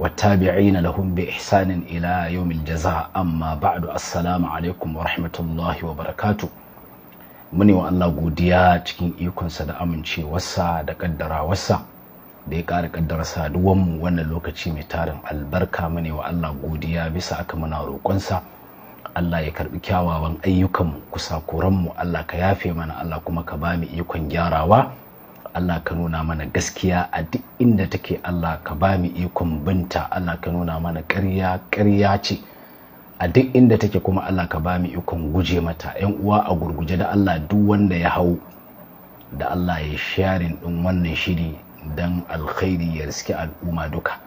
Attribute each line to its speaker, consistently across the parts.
Speaker 1: والتابعين لهم بإحسان إلى يوم الجزاء أما بعد السلام عليكم ورحمة الله وبركاته muni wa Allah godiya cikin ikonsa da amincewarsa da kaddara wasa, da ya ƙara kaddara saduwanmu wannan lokaci mai tarin albarka muni wa Allah godiya bisa aka muna roƙonsa Allah ya karɓi kyawawan ayyukanmu kusa kuranmu Allah ka yafe mana Allah kuma ka ba mu ikon gyarawa Allah ka nuna mana gaskiya a duk inda take Allah ka ba mu ikon binta Allah ka nuna mana ƙarya ƙarya ce a duk inda take kuma Allah ka ba mu ikon guje mata yan uwa a gurguje da Allah duk wanda ya hau da Allah ya sharin din wannan shiri dan alkhairi ya riski al'umma duka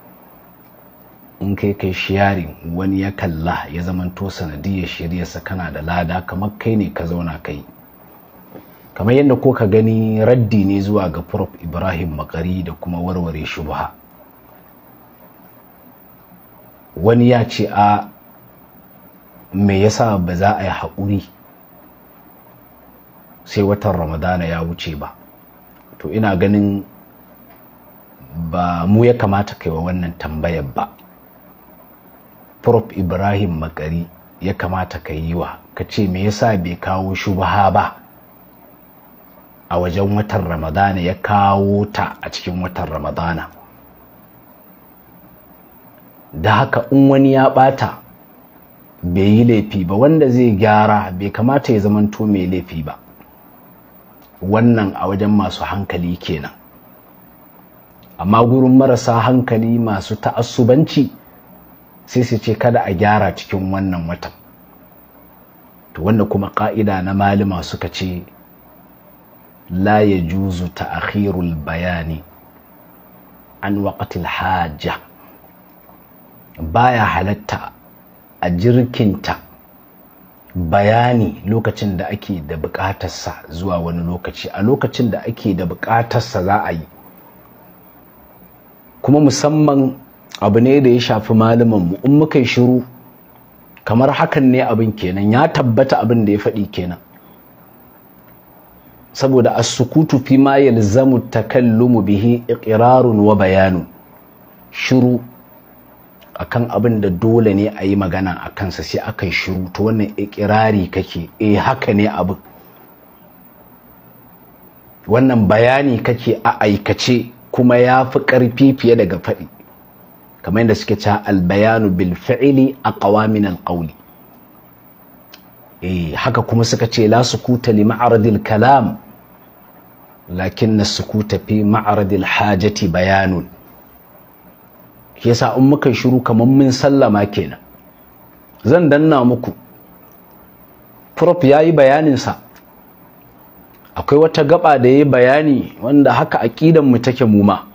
Speaker 1: in kai kai sharin wani ya kalla ya zamanto sanadiyar shiryarsa kana da lada kamar kai ne ka zauna kai kamar yadda ko ka gani raddi ne zuwa ga prof ibrahim makari da kuma warware shubha wani ya ce a me yasa ba za a yi haƙuri sai watan ramadana ya wuce ba to ina ganin ba mu ya kamata kai wa wannan tambayar ba prof ibrahim makari ya kamata ka yi wa ka ce me yasa bai kawo shubha ba a wajen watan ramadana ya kawo ta a cikin watan ramadana da haka in wani ya bata bai yi laifi ba wanda zai gyara bai kamata ya zamanto mai laifi ba wannan a wajen masu hankali kenan amma gurin marasa hankali masu ta'assubanci sai su ce kada a gyara cikin wannan watan to wanda kuma ka'ida na malima suka ce la ya juzu البيان bayani an الحاجة بايا baya halatta a bayani lokacin da ake da bukatarsa zuwa wani lokaci a lokacin da ake da bukatarsa za a yi kuma musamman abu ne da ya shafi mu in muka yi shiru kamar hakan ne abin kenan ya tabbata abin da ya faɗi kenan saboda asukutu sukutu fi ma yalzamu takallumu bihi iqrarun wa bayanu shiru akan abin da dole ne a yi magana a kansa sai aka yi shiru to wannan iqrari kake eh haka ne abin wannan bayani kake a aikace kuma ya fi ƙarfi fiye daga faɗi kamar yadda suke cewa albayanu bil fi'ili a qawamin alqawli eh haka kuma suka ce la sukuta li ma'radil kalam lakin na sukuta fi ma'aradil hajati bayanun sa in muka shiru kamar mun sallama kenan zan danna muku prof yayi bayanin sa akwai wata gaba da yayi bayani wanda haka aqidan mu take muma?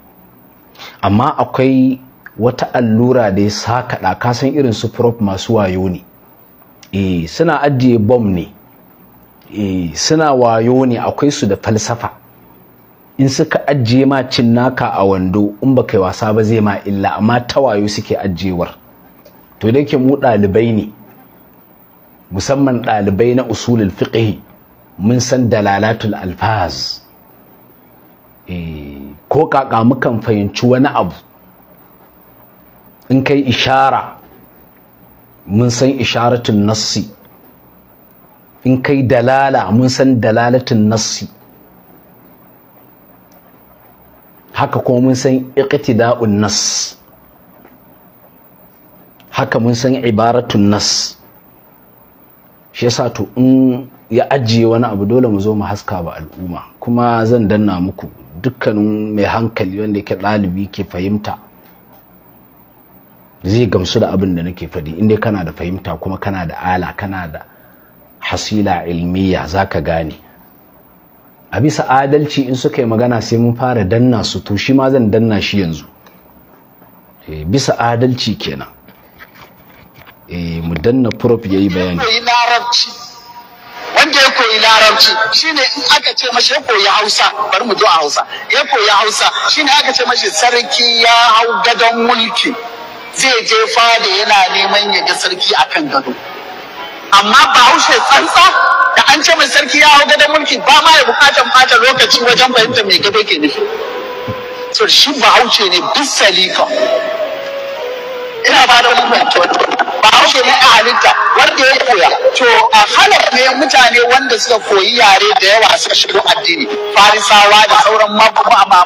Speaker 1: amma akwai wata allura da ya saka da kasan irin su prof masu wayo ne eh suna ajiye bom ne eh suna wayo ne akwai su da falsafa in suka ajiye ma cin naka a wando in baka yi wasa ba zai ma illa amma tawayo suke ajiyewar to da ke mu ɗalibai ne musamman ɗalibai na usulul fiqh mun san dalalatul alfaz eh, ko kaka mukan fahimci wani abu in kai ishara mun san isharatul nassi in kai dalala mun san dalalatul nassi haka kuma mun san iqtida'un nas haka mun san ibaratun nas shi yasa to in ya ajiye wani abu dole mu zo mu haska ba al'umma kuma zan danna muku dukkanin mai hankali wanda yake ɗalibi ke fahimta zai gamsu da abin da nake faɗi inda kana da fahimta kuma kana da ala kana da hasila ilmiya zaka gane a bisa adalci in suka yi magana sai mun fara danna su to shi ma zan danna shi yanzu eh, bisa adalci kenan eh, mu danna prof ya yi bayani
Speaker 2: wanda ya koyi larabci shine in aka ce mashi ya koyi hausa bari mu zo a hausa ya koyi hausa shine aka ce mashi sarki ya hau gadon mulki zai je fada yana neman ya ga sarki akan gado amma bahaushe tsantsa da an ce mai sarki ya hau gadon mulki ba ma ya bukatan fata lokaci wajen fahimtar mai gado ke nufi so shi bahaushe ne bisa likon. ina ba da mummun wannan ba haushe ne a halitta wanda ya koya to a halar ne mutane wanda suka koyi yare da yawa suka shigo addini farisawa da sauran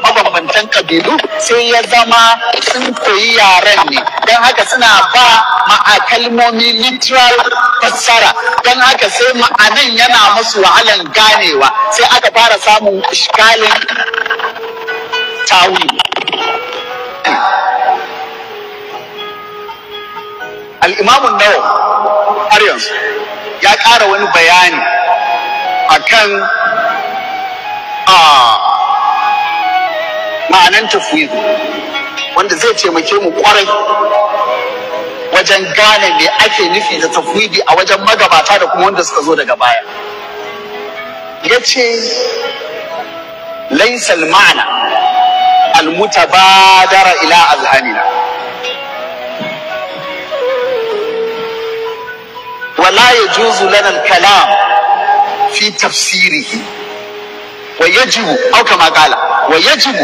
Speaker 2: mabambantan kabilu sai ya zama sun koyi yaren ne don haka suna ba ma'a kalmomi literal fassara don haka sai ma'anan yana musu wahalan ganewa sai aka fara samun iskalin tawili al'imamun nawa har yanzu ya ƙara wani bayani akan a ma'anan tafwid wanda zai taimake mu ƙwarai wajen gane me ake nufi da tafwidi a wajen magabata da kuma wanda suka zo daga baya ya ce laisal ma'ana almutabadara ila amina wala ya juzu lana kalam fi tafsirihi wa yajibu au kama kala wa su ba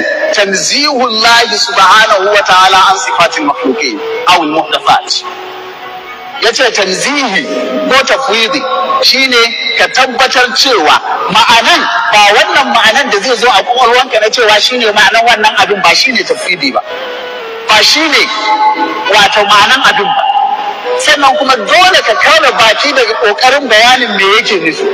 Speaker 2: Allah subhanahu wa ta'ala an sifatil makhluqin au almuhdathat yace tanzihi ko shi ne ka tabbatar cewa ma'anan ba wannan ma'anan da zai zo a kwakwalwanka na cewa shi ne ma'anan wannan abin ba shi shine tafwidi ba ba shi ne wata ma'anan abin ba sannan kuma dole ka kauna baki daga kokarin bayanin me yake nufi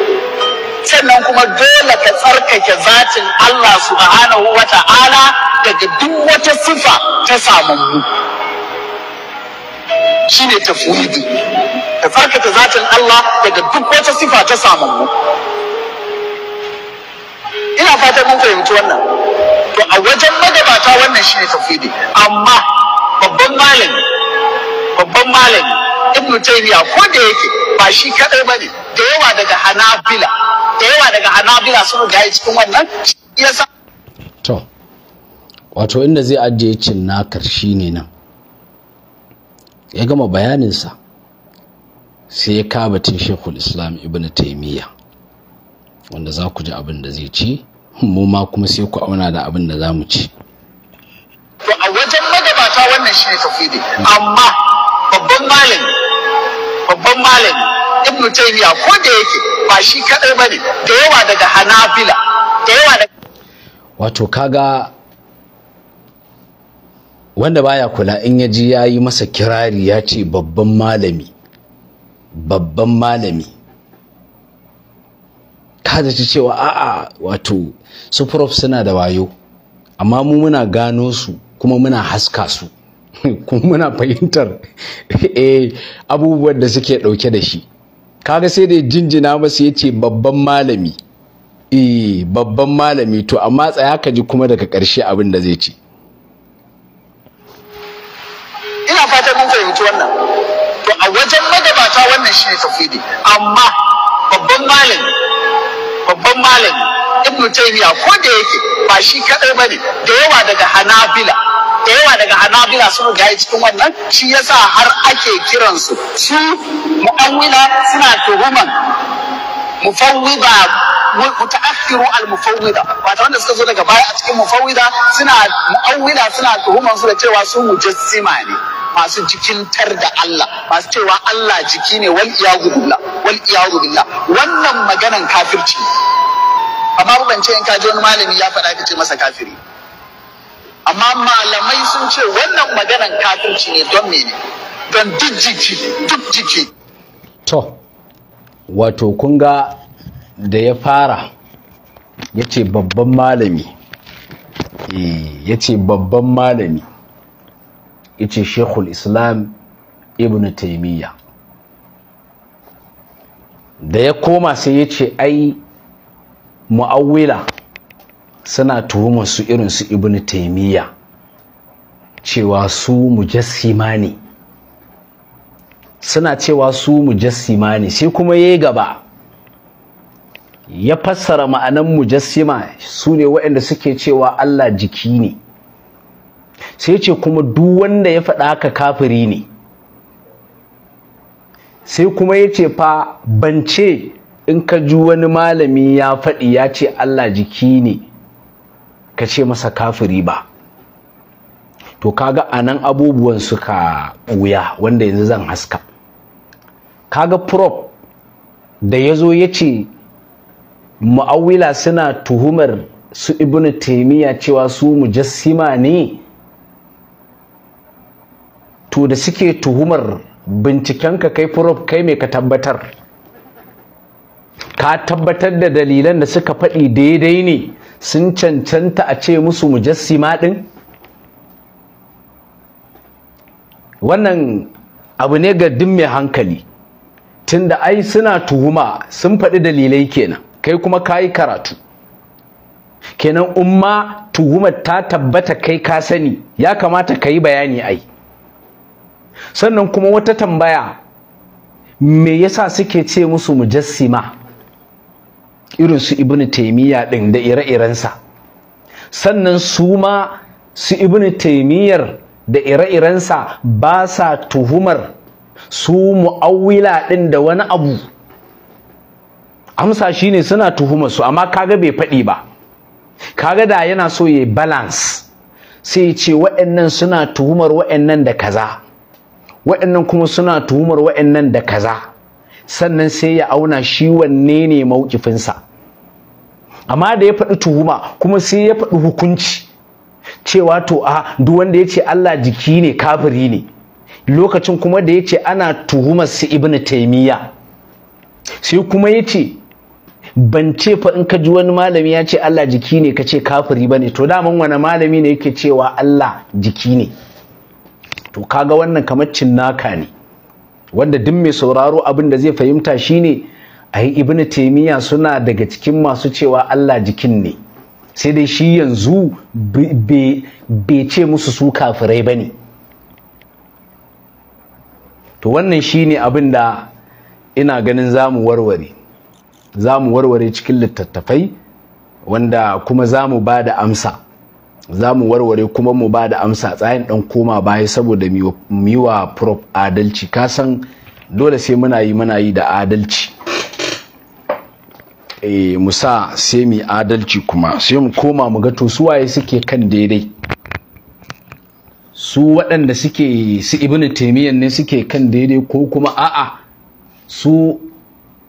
Speaker 2: sannan kuma dole ka tsarkake zatin Allah subhanahu wa ta'ala daga duk wata sifa ta samammu shine tafwidi ka tsarkake zatin Allah daga duk wata sifa ta samammu ina fatan mun fahimci wannan to a wajen magabata wannan shine tafwidi amma babban malami babban malami ibnu taymiya ko da yake ba shi kadai bane da yawa daga hanabila da yawa daga hanabila sun ga cikin wannan yasa to
Speaker 1: wato inda zai ajiye cin na nakar ne nan ya gama bayaninsa sai ya kaba tun shekul islam ibn taimiyya wanda za ku ji abin da zai ci mu ma kuma sai ku auna da abin da za mu ci
Speaker 2: a wajen magabata wannan shi ne tafidi amma babban malami babban malami ibnu taymiya ko da yake ba shi kadai bane da yawa daga hanafila da yawa daga
Speaker 1: wato kaga wanda baya kula in yaji yayi ya yi masa kirari ya ce babban malami babban malami kada ci cewa a'a wato su prof suna da wayo amma mu muna gano su kuma muna haska su kuma muna fahimtar eh, abubuwan da suke ɗauke da shi kaga sai da jinjina masa ya ce babban malami eh babban malami to amma tsaya ka ji kuma daga ƙarshe abin da zai ce
Speaker 2: ina fatan mun fahimci wannan to a wajen magabata wannan shi ne tafidi amma babban malami babban malami ibnu taymiya ko da yake ba shi kadai bane da yawa daga hanabila da yawa daga hanabila sun yi cikin wannan shi yasa har ake kiransu su mu'awwila suna tuhuman mufawwida mutaakhiru al-mufawwida wato wanda suka zo daga baya a cikin mufawwida suna mu'awwila suna tuhuman su da cewa su mujassima ne masu jikintar da Allah masu cewa Allah jiki ne wal iyadu billah wal iyadu billah wannan maganan kafirci amma ban ce in ka ji wani malami ya faɗa ka masa kafiri amma malamai sun ce wannan maganan kafirci ne don mene don duk jiki duk jiki
Speaker 1: to wato kunga da ya fara ya ce babban malami eh, ya ce babban malami ya ce shekul islam ibn taimiyya da ya koma sai ya ce ai mu'awwila suna tuhumar su irin su ibn taimiyya cewa su mujassima ne suna cewa su mujassima ne sai kuma yayi gaba ya fassara ma'anan mujassima su ne waɗanda suke cewa Allah jiki ne sai ce kuma duk wanda ya faɗa haka kafiri ne sai kuma ya ce fa bance in ka ji wani malami ya faɗi ya ce Allah jiki ne ka ce masa kafiri ba to kaga anan abubuwan suka wuya wanda yanzu zan haska kaga prop da ya zo ya ce ma'awila suna tuhumar su ibnu taimiyya cewa su mujassima ne to da suke tuhumar binciken ka kai prop kai mai ka tabbatar ka tabbatar da dalilan da suka faɗi daidai ne sun cancanta a ce musu mujassima ɗin wannan abu ne ga duk mai hankali tunda ai suna tuhuma sun faɗi dalilai kenan kai kuma ka yi karatu kenan umma tuhumar ta tabbata kai ka sani ya kamata ka yi bayani ai sannan kuma wata tambaya me yasa suke ce musu mujassima irin su ibn taimiyya ɗin da ire-irensa sannan su ma su ibn taimiyyar da ire-irensa ba sa tuhumar su mu'awwila ɗin da wani abu amsa shine suna tuhumar su amma kaga bai faɗi ba kaga da yana so ya balance sai ce wa'annan suna tuhumar wa'annan da kaza wa'annan kuma suna tuhumar wa'annan da kaza sannan sai ya auna shi wanne ne maukifinsa amma da ya faɗi tuhuma kuma sai ya faɗi hukunci cewa to a duk wanda ya ce Allah jiki ne kafiri ne lokacin kuma da ya ce ana tuhumar su ibnu taimiyya sai kuma ya ce ban ce fa in ka ji wani malami ya ce Allah jiki ne ka ce kafiri ba ne. to daman wani malami ne yake cewa Allah jiki ne to kaga wannan kamar cin naka ne wanda duk mai sauraro abin da zai fahimta shine ai ibnu taymiya suna daga cikin masu cewa Allah jikin ne sai dai shi yanzu bai ce musu su kafirai ba ne. to wannan shi ne abin da ina ganin zamu warware zamu warware cikin littattafai wanda kuma za mu ba da amsa za mu warware kuma mu ba da amsa tsayin dan koma baya saboda miwa prop adalci kasan dole sai muna yi muna yi da adalci e, eh, musa sai mu adalci kuma sai mu koma mu ga to suwaye suke kan daidai su waɗanda suke su ibnu taimiyyan ne suke kan daidai ko kuma a'a su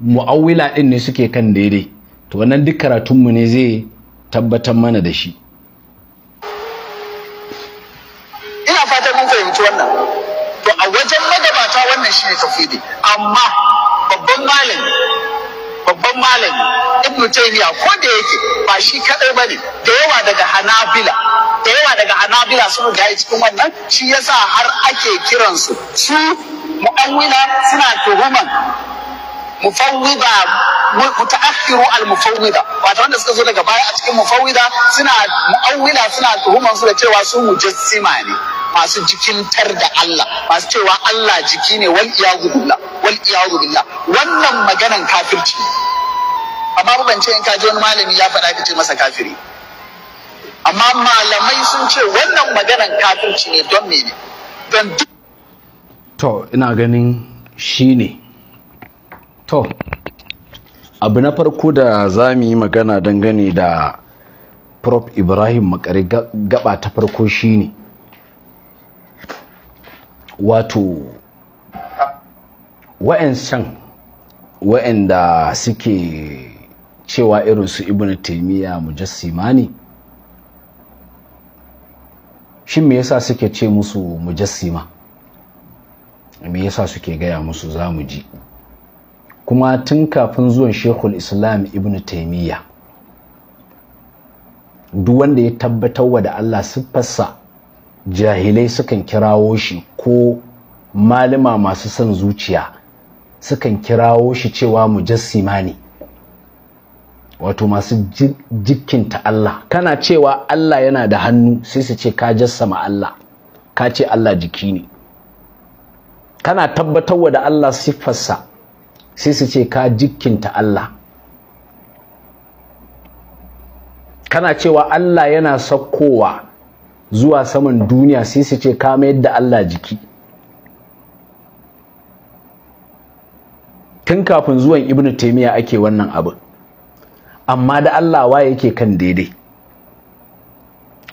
Speaker 1: mu'awwila ɗin ne suke kan daidai to wannan duk karatunmu ne zai tabbatar mana da shi
Speaker 2: fahimci wannan to a wajen magabata wannan shi ne tafidi amma babban malin babban malin ibn taymiya ko da yake ba shi kadai ba ne da yawa daga hanabila da yawa daga hanabila sun ga cikin wannan shi yasa har ake kiransu su mu'awwila suna tuhuman mufawwida mutaakhiru al mufawwida wato wanda suka zo daga baya a cikin mufawwida suna mu'awwila suna tuhuman su da cewa su mujassima ne masu jikintar da Allah masu cewa Allah jiki ne wal iyadu billah wal iyadu billah wannan maganan kafirci amma ban ce in ka ji wani malami ya faɗa ka ce masa kafiri amma malamai sun ce wannan maganan kafirci ne don mene don
Speaker 1: to ina ganin shi ne to abu na farko da za mu yi magana dangane da prof ibrahim makari gaba ta farko shine ne wato wa'ancan wa'anda suke cewa irin su ibn taimiyya ma ne shin me yasa suke ce musu mujassima me yasa suke gaya musu za mu ji kuma tun kafin zuwan shekul islam ibn taimiyya duk wanda ya tabbatar wa da allah siffarsa jahilai sukan kirawo shi ko malama masu son zuciya sukan kirawo shi cewa mujassima ne wato masu ta Allah kana cewa Allah yana da hannu sai su ce ka jassama Allah ka ce Allah jiki ne kana tabbatarwa da Allah siffarsa sai su ce ka ta Allah kana cewa Allah yana sakkowa zuwa saman duniya sai su ce kama yadda Allah jiki tun kafin zuwan ibnu taimiyya ake wannan abin amma da Allah wa yake kan daidai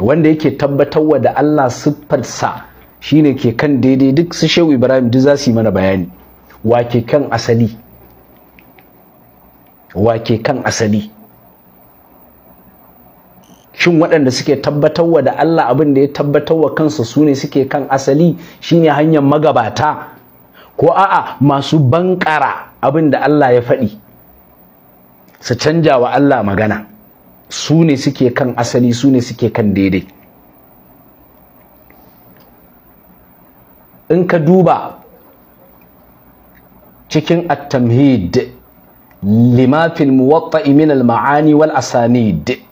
Speaker 1: wanda yake tabbatarwa da Allah siffarsa shine ke kan daidai duk su shehu ibrahim duk za su yi mana bayani ke kan asali wake kan asali shin waɗanda suke tabbatarwa da Allah abin da ya tabbatarwa kansa su ne suke kan asali shine hanyar magabata ko a'a masu bankara abin da Allah ya faɗi su canja wa Allah magana su ne suke kan asali su ne suke kan daidai in ka duba cikin at-tamhid lima muwatta'i min al-ma'ani wal asanid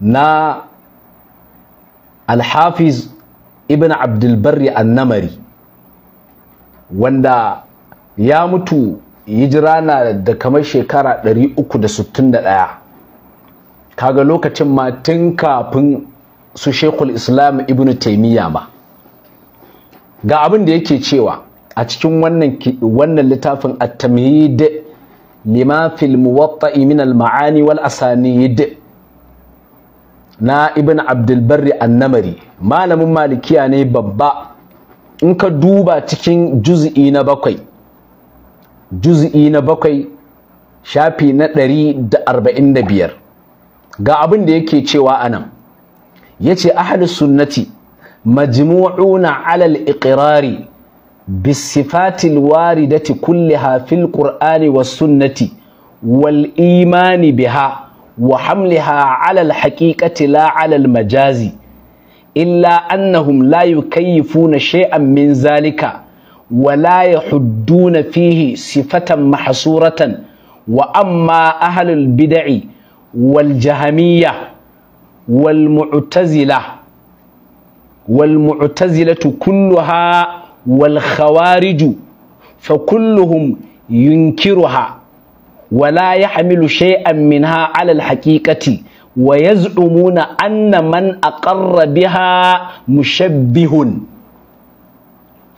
Speaker 1: na alhafiz ibn abdulbarri annamari wanda ya mutu hijira na da kamar shekara 361 kaga lokacin ma tun kafin su shekul islam ibn taimiyya ma ga abin da yake cewa a cikin wannan littafin at-tamhid lima fil muwatta'i min al-ma'ani wal asanid na ibn abdulbarri annamari malamin malikiya ne babba in ka duba cikin juz'i na bakwai juz'i na bakwai shafi na ɗari da arba'in da biyar ga abin da yake cewa anan ya ce ahalus sunnati majmu'una alal iqirari bisifatil waridati kulliha fil qur'ani was sunnati wal imani biha وحملها على الحقيقة لا على المجاز إلا أنهم لا يكيفون شيئا من ذلك ولا يحدون فيه صفة محصورة وأما أهل البدع والجهمية والمعتزلة والمعتزلة كلها والخوارج فكلهم ينكرها wala yahmilu shay'an minha 'ala al-haqiqati wa yaz'umuna anna man aqarra biha mushabbihun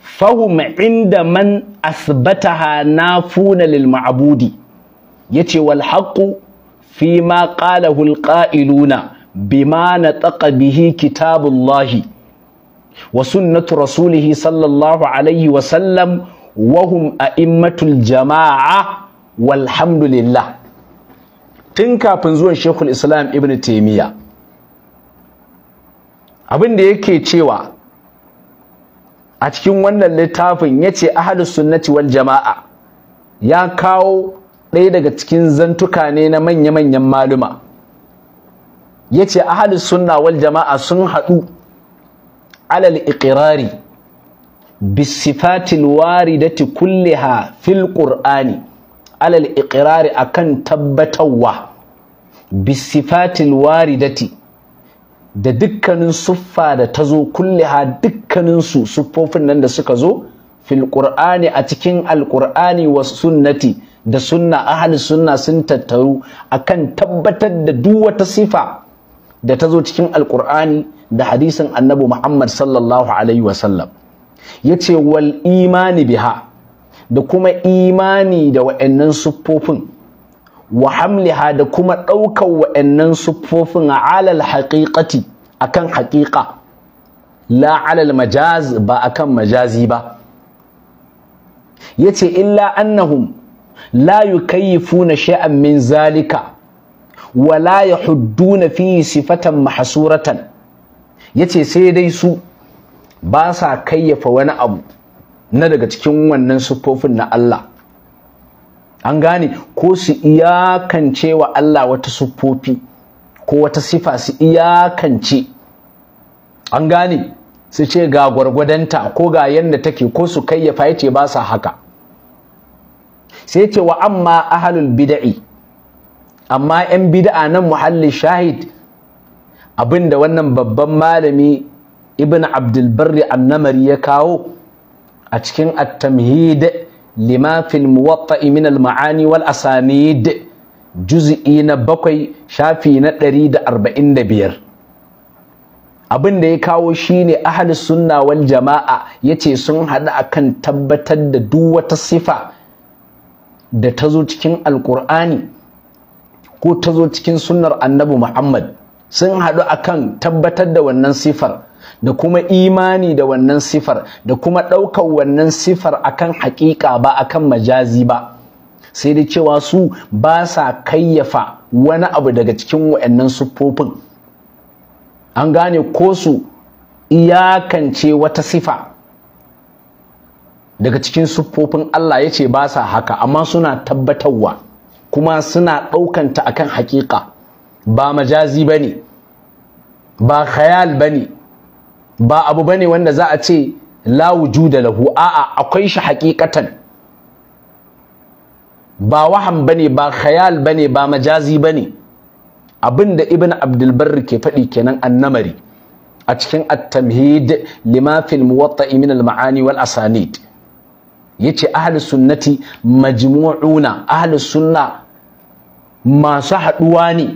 Speaker 1: fahum inda man asbataha nafuna lil ma'budi yace wal haqqu fi ma qalahu al qa'iluna bima nataqa bihi kitabullahi wa sunnatu rasulih sallallahu alayhi wa sallam wa hum a'immatul jama'a walhamdulillah tun kafin zuwan shekul islam ibn taimiyya abin da yake cewa a cikin wannan littafin ya ce ahalus sunnati wal jama'a ya kawo ɗaya daga cikin zantuka ne na manya-manyan maluma ya ce ahalus sunna wal jama'a sun haɗu alal iƙirari bisifatil waridati kulliha fil ƙur'ani alal iqrari akan tabbatarwa bisifatil waridati da dukkanin suffa da tazo zo kulliha dukkanin su suffofin nan da suka zo fil qur'ani a cikin alqur'ani was sunnati da sunna ahli sunna sun tattaru akan tabbatar da duk wata sifa da tazo cikin alqur'ani da hadisin annabi Muhammad sallallahu alaihi wasallam yace wal imani biha da kuma imani da wa'annan siffofin wa hamliha da kuma ɗaukar wa'annan siffofin a alal haƙiƙati akan haƙiƙa la alal majaz ba akan majazi ba yace illa annahum la na shay'an min zalika wa la yahudduna fi sifatan mahsuratan yace sai dai su ba sa kayyafa wani abu na daga cikin wannan siffofin na Allah an gane ko su iyakance wa Allah wata siffofi ko wata sifa su iyakance an gane su ce ga gwargwadonta ko ga yadda take ko su kai ya ce ba sa haka sai ce wa amma ahalul bida'i amma 'yan bida'a nan muhallin shahid abinda wannan babban malami ibn abdulbarri annamari ya kawo a cikin at Limafin lima fil muwatta'i min al-ma'ani wal asanid juz'i na bakwai shafi na ɗari da arba'in da biyar abin da ya kawo shine ahli sunna wal jama'a ce sun haɗu akan tabbatar da duk wata sifa da ta zo cikin alƙur'ani ko ta zo cikin sunnar annabi muhammad sun haɗu akan tabbatar da wannan sifar da kuma imani da wannan sifar da kuma ɗaukar wannan sifar akan haƙiƙa ba akan majazi ba sai da cewa su ba sa kayyafa wani abu daga cikin wa'annan siffofin an gane ko su iyakance wata sifa daga cikin siffofin Allah ya ce ba sa haka amma suna tabbatarwa kuma suna ɗaukanta akan haƙiƙa ba majazi ba ne ba khayal ba ne ba abu bane wanda za a ce la wujuda lahu a'a akwai shi haƙiƙatan ba waham bane ba khayal bane ba majazi bane abinda ibn abdul barr ke faɗi kenan annamari a cikin at-tamhid lima fil muwatta'i min al-ma'ani wal asanid yace ahlus sunnati majmu'una ahlus sunna masu haɗuwa ne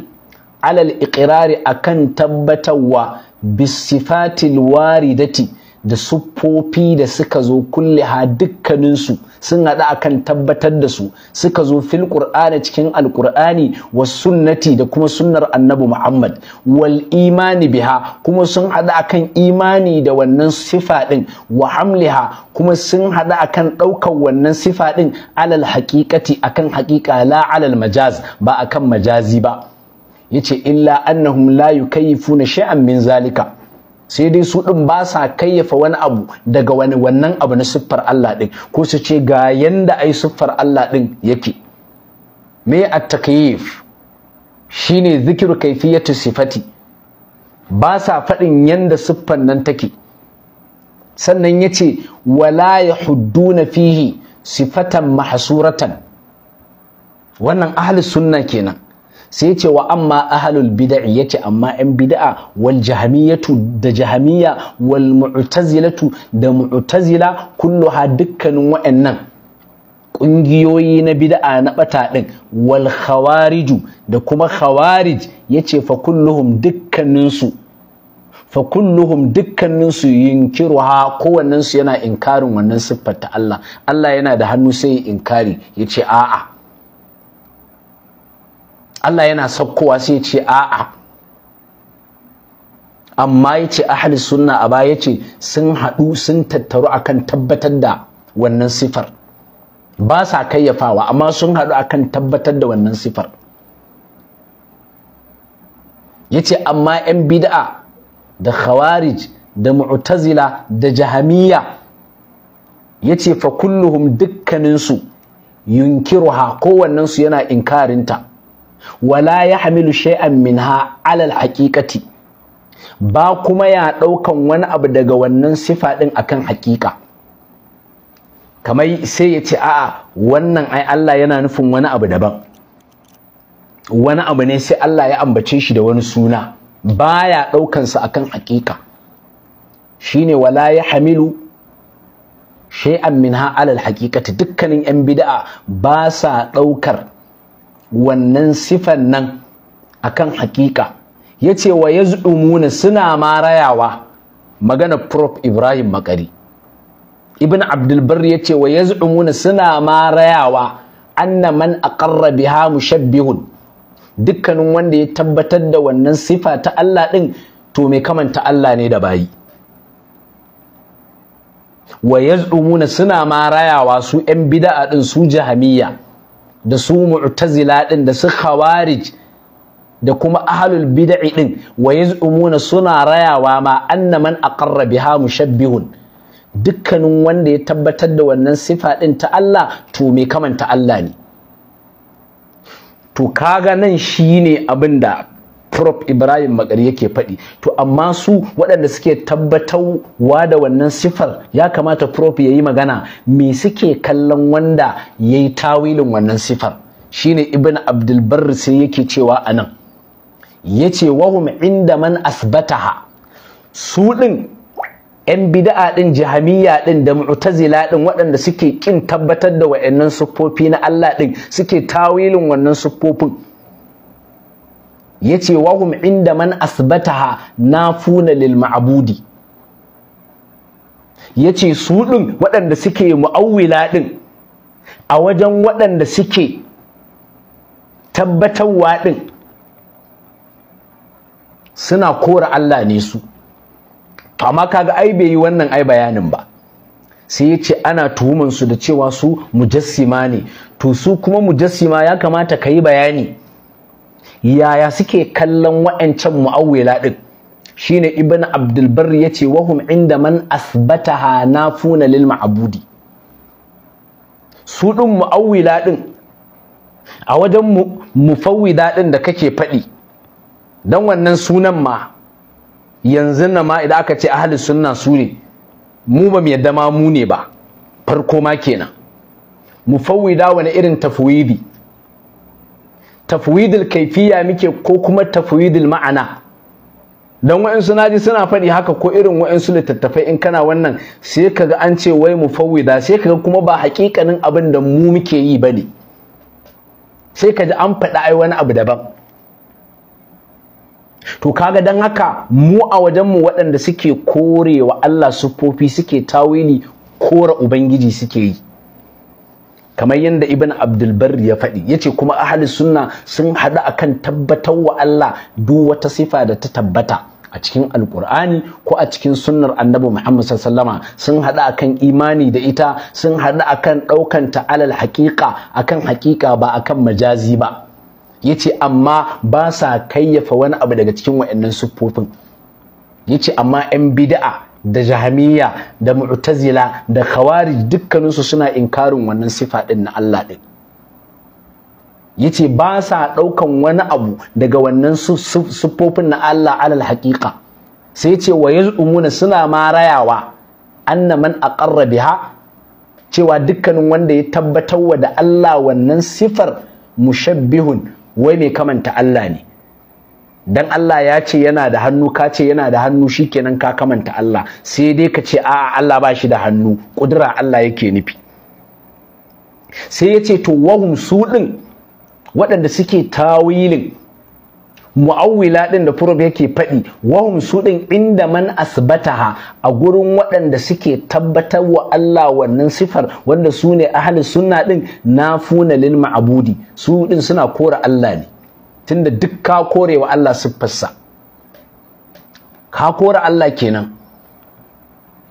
Speaker 1: alal iqrari akan tabbatarwa bisifatil waridati da siffofi da suka zo kulle ha dukkaninsu sun haɗu kan tabbatar da su suka zo fil qur'ani cikin Alƙur'ani wa sunnati da kuma sunnar annabi Muhammad wal imani biha kuma sun haɗu kan imani da wannan sifaɗin wa hamliha kuma sun haɗu kan ɗaukar wannan sifaɗin alal haqiqati akan haƙiƙa la alal majaz ba akan majazi ba yace illa annahum la yukayyifuna shay'an min zalika sai dai su din ba sa kayyafa wani abu daga wani wannan abu na siffar Allah din ko su ce ga yanda ai siffar Allah din yake me at-takyif shine zikiru kaifiyatu sifati ba sa faɗin yanda siffar nan take sannan yace wala yahudduna fihi sifatan mahsuratan wannan ahli sunna kenan sai ce wa amma ahlul bid'a yace amma yan bid'a wal jahamiyatu da jahamiyya wal mu'tazilatu da mu'tazila kulluha dukkanin wa'annan ƙungiyoyi na bid'a na bata ɗin wal khawariju da kuma khawarij ya ce fa kulluhum dukkaninsu fa kulluhum su ha kowannensu yana inkarin wannan siffar ta Allah Allah yana da hannu sai inkari ya ce a'a Allah yana saukowa sai ce a'a amma ya ce ahli sunna a baya ce sun haɗu sun tattaru akan tabbatar da wannan sifar ba sa kayyafawa amma sun haɗu akan tabbatar da wannan sifar ce amma 'yan bid'a da khawarij da mu'tazila da jahamiya ya ce fa kulluhum dukkaninsu yunkiruha kowannensu yana inkarinta wala ya hamilu shay'an minha alal haqiqati ba kuma ya ɗaukan wani abu daga wannan sifa din akan hakika. kamar sai ya ce a'a wannan ai Allah yana nufin wani abu daban wani abu ne sai Allah ya ambace shi da wani suna baya sa akan haƙiƙa shine wala ya hamilu shay'an minha alal alhaqiqati dukkanin yan bid'a ba sa ɗaukar wannan sifan nan akan hakika yace wa yaz'umuna suna ma magana prof Ibrahim Makari Ibn abdulbar ya ce wa suna marayawa rayawa anna man aqarra biha mushabbihun dukkanin wanda ya tabbatar da wannan sifa ta Allah ɗin, to mai kamanta Allah ne da bayi wa yaz'umuna suna marayawa su 'yan bida'a ɗin su jahamiyya da su mu'tazila din da su khawarij da kuma ahlul bid'i din wa umuna suna rayawa ma anna man aqarra biha mushabbihun dukkanin wanda ya tabbatar da wannan sifa din ta Allah to me kamanta Allah ne to kaga nan shine abinda Prof Ibrahim Makari yake faɗi to amma su waɗanda suke tabbatarwa da wannan sifar ya kamata Prof ya yi magana me suke kallon wanda ya yi tawilin wannan sifar shine Ibn Abdulbar sai yake cewa a nan ya ce wahum inda man asbataha su ɗin 'yan bida'a ɗin jihamiya ɗin da mu'tazila ɗin waɗanda suke ƙin tabbatar da wa'annan siffofi na Allah ɗin suke tawilin wannan siffofin yace wahum inda man asbataha nafuna lil ma'budi yace su din waɗanda suke mu'awwila ɗin, a wajen waɗanda suke tabbatarwa ɗin, suna kora Allah ne su amma kaga ai bai yi wannan ai bayanin ba sai yace ana tuhumansu da cewa su mujassima ne to su kuma mujassima ya kamata ka yi bayani yaya suke kallon wa'ancan mu'awwila din shine ibn abdul ya yace wahum inda man asbataha nafuna lil ma'budi su din mu'awwila din a wajen mu mufawwida din da kake faɗi dan wannan sunan ma yanzu na ma idan aka ce ahlus sunna su ne mu ba mu yadda ma mu ne ba farko ma kenan mufawwida wani irin tafwidi tafwidul kaifiya muke ko kuma tafwidul ma'ana dan wa'ansu ji suna faɗi haka ko irin wa'ansu littattafai in kana wannan sai kaga an ce wai mu fawwida sai kaga kuma ba haƙiƙanin abin da mu muke yi bane sai kaji an faɗi ai wani abu daban to kaga dan haka mu a wajen mu waɗanda suke korewa Allah siffofi suke tawili kora ubangiji suke yi kamar yadda ibn abdulbar ya faɗi ya ce kuma ahli sunna sun haɗu akan tabbatar wa Allah duk wata sifa da ta tabbata a cikin Alƙur'ani, ko a cikin sunnar annabi muhammad sun haɗu akan imani da ita sun haɗu akan ɗaukan ta alal haƙiƙa akan haƙiƙa ba akan majazi ba ya ce amma ba sa kayyafa wani abu daga cikin wa'annan siffofin ya ce amma 'yan bida'a da jahamiyya da mu'tazila da khawarij dukkaninsu suna inkarin wannan sifa din na Allah din yace ba sa daukan wani abu daga wannan siffofin na Allah alal haqiqa sai yace wa yaz'umuna suna ma rayawa anna man aqarra biha cewa dukkanin wanda ya tabbatar wa da Allah wannan sifar mushabbihun wai mai kamanta Allah ne dan Allah ya ce yana da hannu ka ce yana da hannu shi shikenan ka kamanta Allah sai dai ka ce a'a Allah ba shi da hannu kudura Allah yake nufi sai ya ce to wahum su din waɗanda suke tawilin mu'awwila din da furub yake faɗi wahum su din inda man asbataha a gurin waɗanda suke tabbatar wa Allah wannan sifar wanda su ne ahli sunna din nafuna lil ma'budi su din suna kora Allah ne tunda duk ka kore wa Allah siffarsa ka kore Allah kenan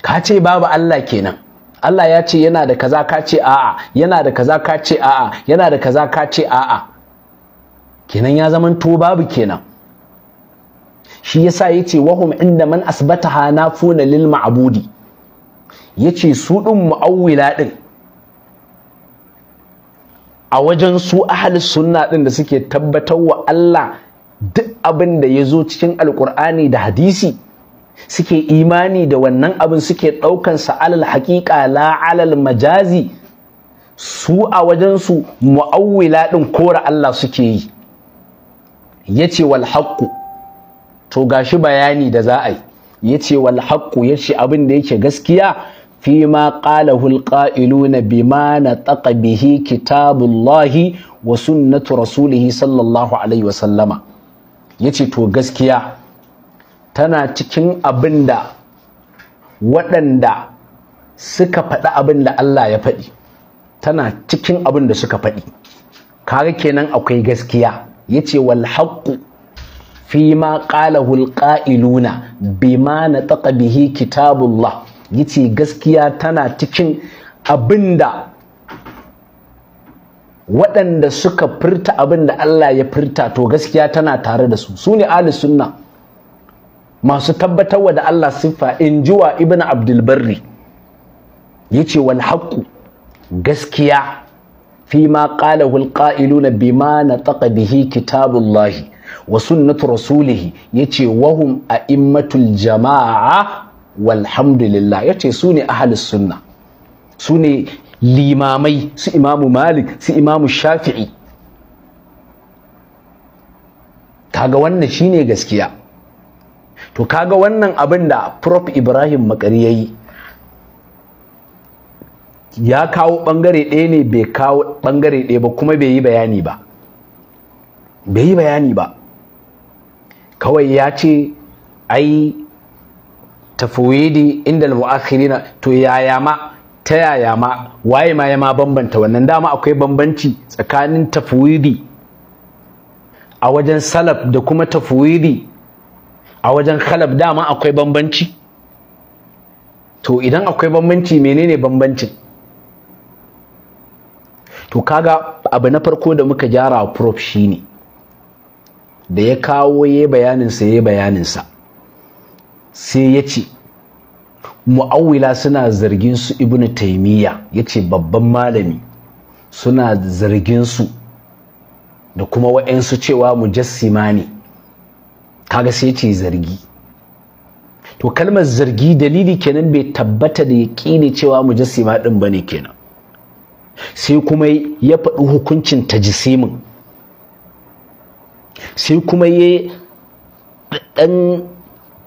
Speaker 1: ka ce babu Allah kenan Allah ya ce yana da kaza ka ce a'a yana da kaza ka ce a'a yana da kaza ka ce a'a kenan ya zaman to babu kenan shi yasa yace wahum inda man asbataha nafuna lil ma'budi yace su din mu'awwila din a wajen su ahal sunna ɗin da suke tabbatar wa Allah duk abin da ya zo cikin Alƙur'ani da hadisi suke imani da wannan abin suke ɗaukan alal haƙiƙa la alal majazi su a wajen su mu'awwila ɗin kora Allah suke yi ya wal haƙƙu to gashi bayani da za a yi yace wal haƙƙu yace ce abin da yake gaskiya Fima ma qalahu alqa'iluna bima nataqa bihi kitabullahi wa sunnatu rasulihi sallallahu alaihi wa sallama yace to gaskiya tana cikin abinda waɗanda suka faɗi abin Allah ya faɗi tana cikin abin da suka faɗi kaga kenan akwai gaskiya yace wal haqqu fi ma qalahu alqa'iluna bima nataqa bihi kitabullah yace gaskiya tana cikin abinda waɗanda suka furta abinda Allah ya furta to gaskiya tana tare da su Su ne Ali sunna masu tabbatarwa da Allah siffa in ibn abdul barri yace wal haqqu gaskiya fi ma na قاله القائلون بما نطق به kitabullahi wa ya rasulihi yace wahum immatul jama'a. walhamdulillah ya ce su ne ahalis sunna su ne limamai su imamu malik su imamu shafi'i kaga wannan shine gaskiya to kaga wannan abin da prof ibrahim makari ya yi ya kawo bangare ɗaya ne bai kawo bangare ɗaya ba kuma bai yi bayani ba bai yi bayani ba kawai ya ce ai tafwidi inda al to yaya ma ta yaya ma waye ma ya bambanta wannan dama akwai bambanci tsakanin tafwidi a wajen salaf da kuma tafwidi a wajen khalaf dama akwai bambanci to idan akwai bambanci menene bambancin to kaga abu na farko da muka gyara prof shine da ya kawo ya bayaninsa ya bayaninsa sai ya ce mu'awwila suna zargin su ibnu taymiya yace babban malami suna zargin su da kuma wa'yansu cewa mujassima ne kaga sai yace zargi to kalmar zargi dalili kenan bai tabbata da yaqini cewa mujassima din bane kenan sai kuma ya faɗi hukuncin tajisimin sai kuma ya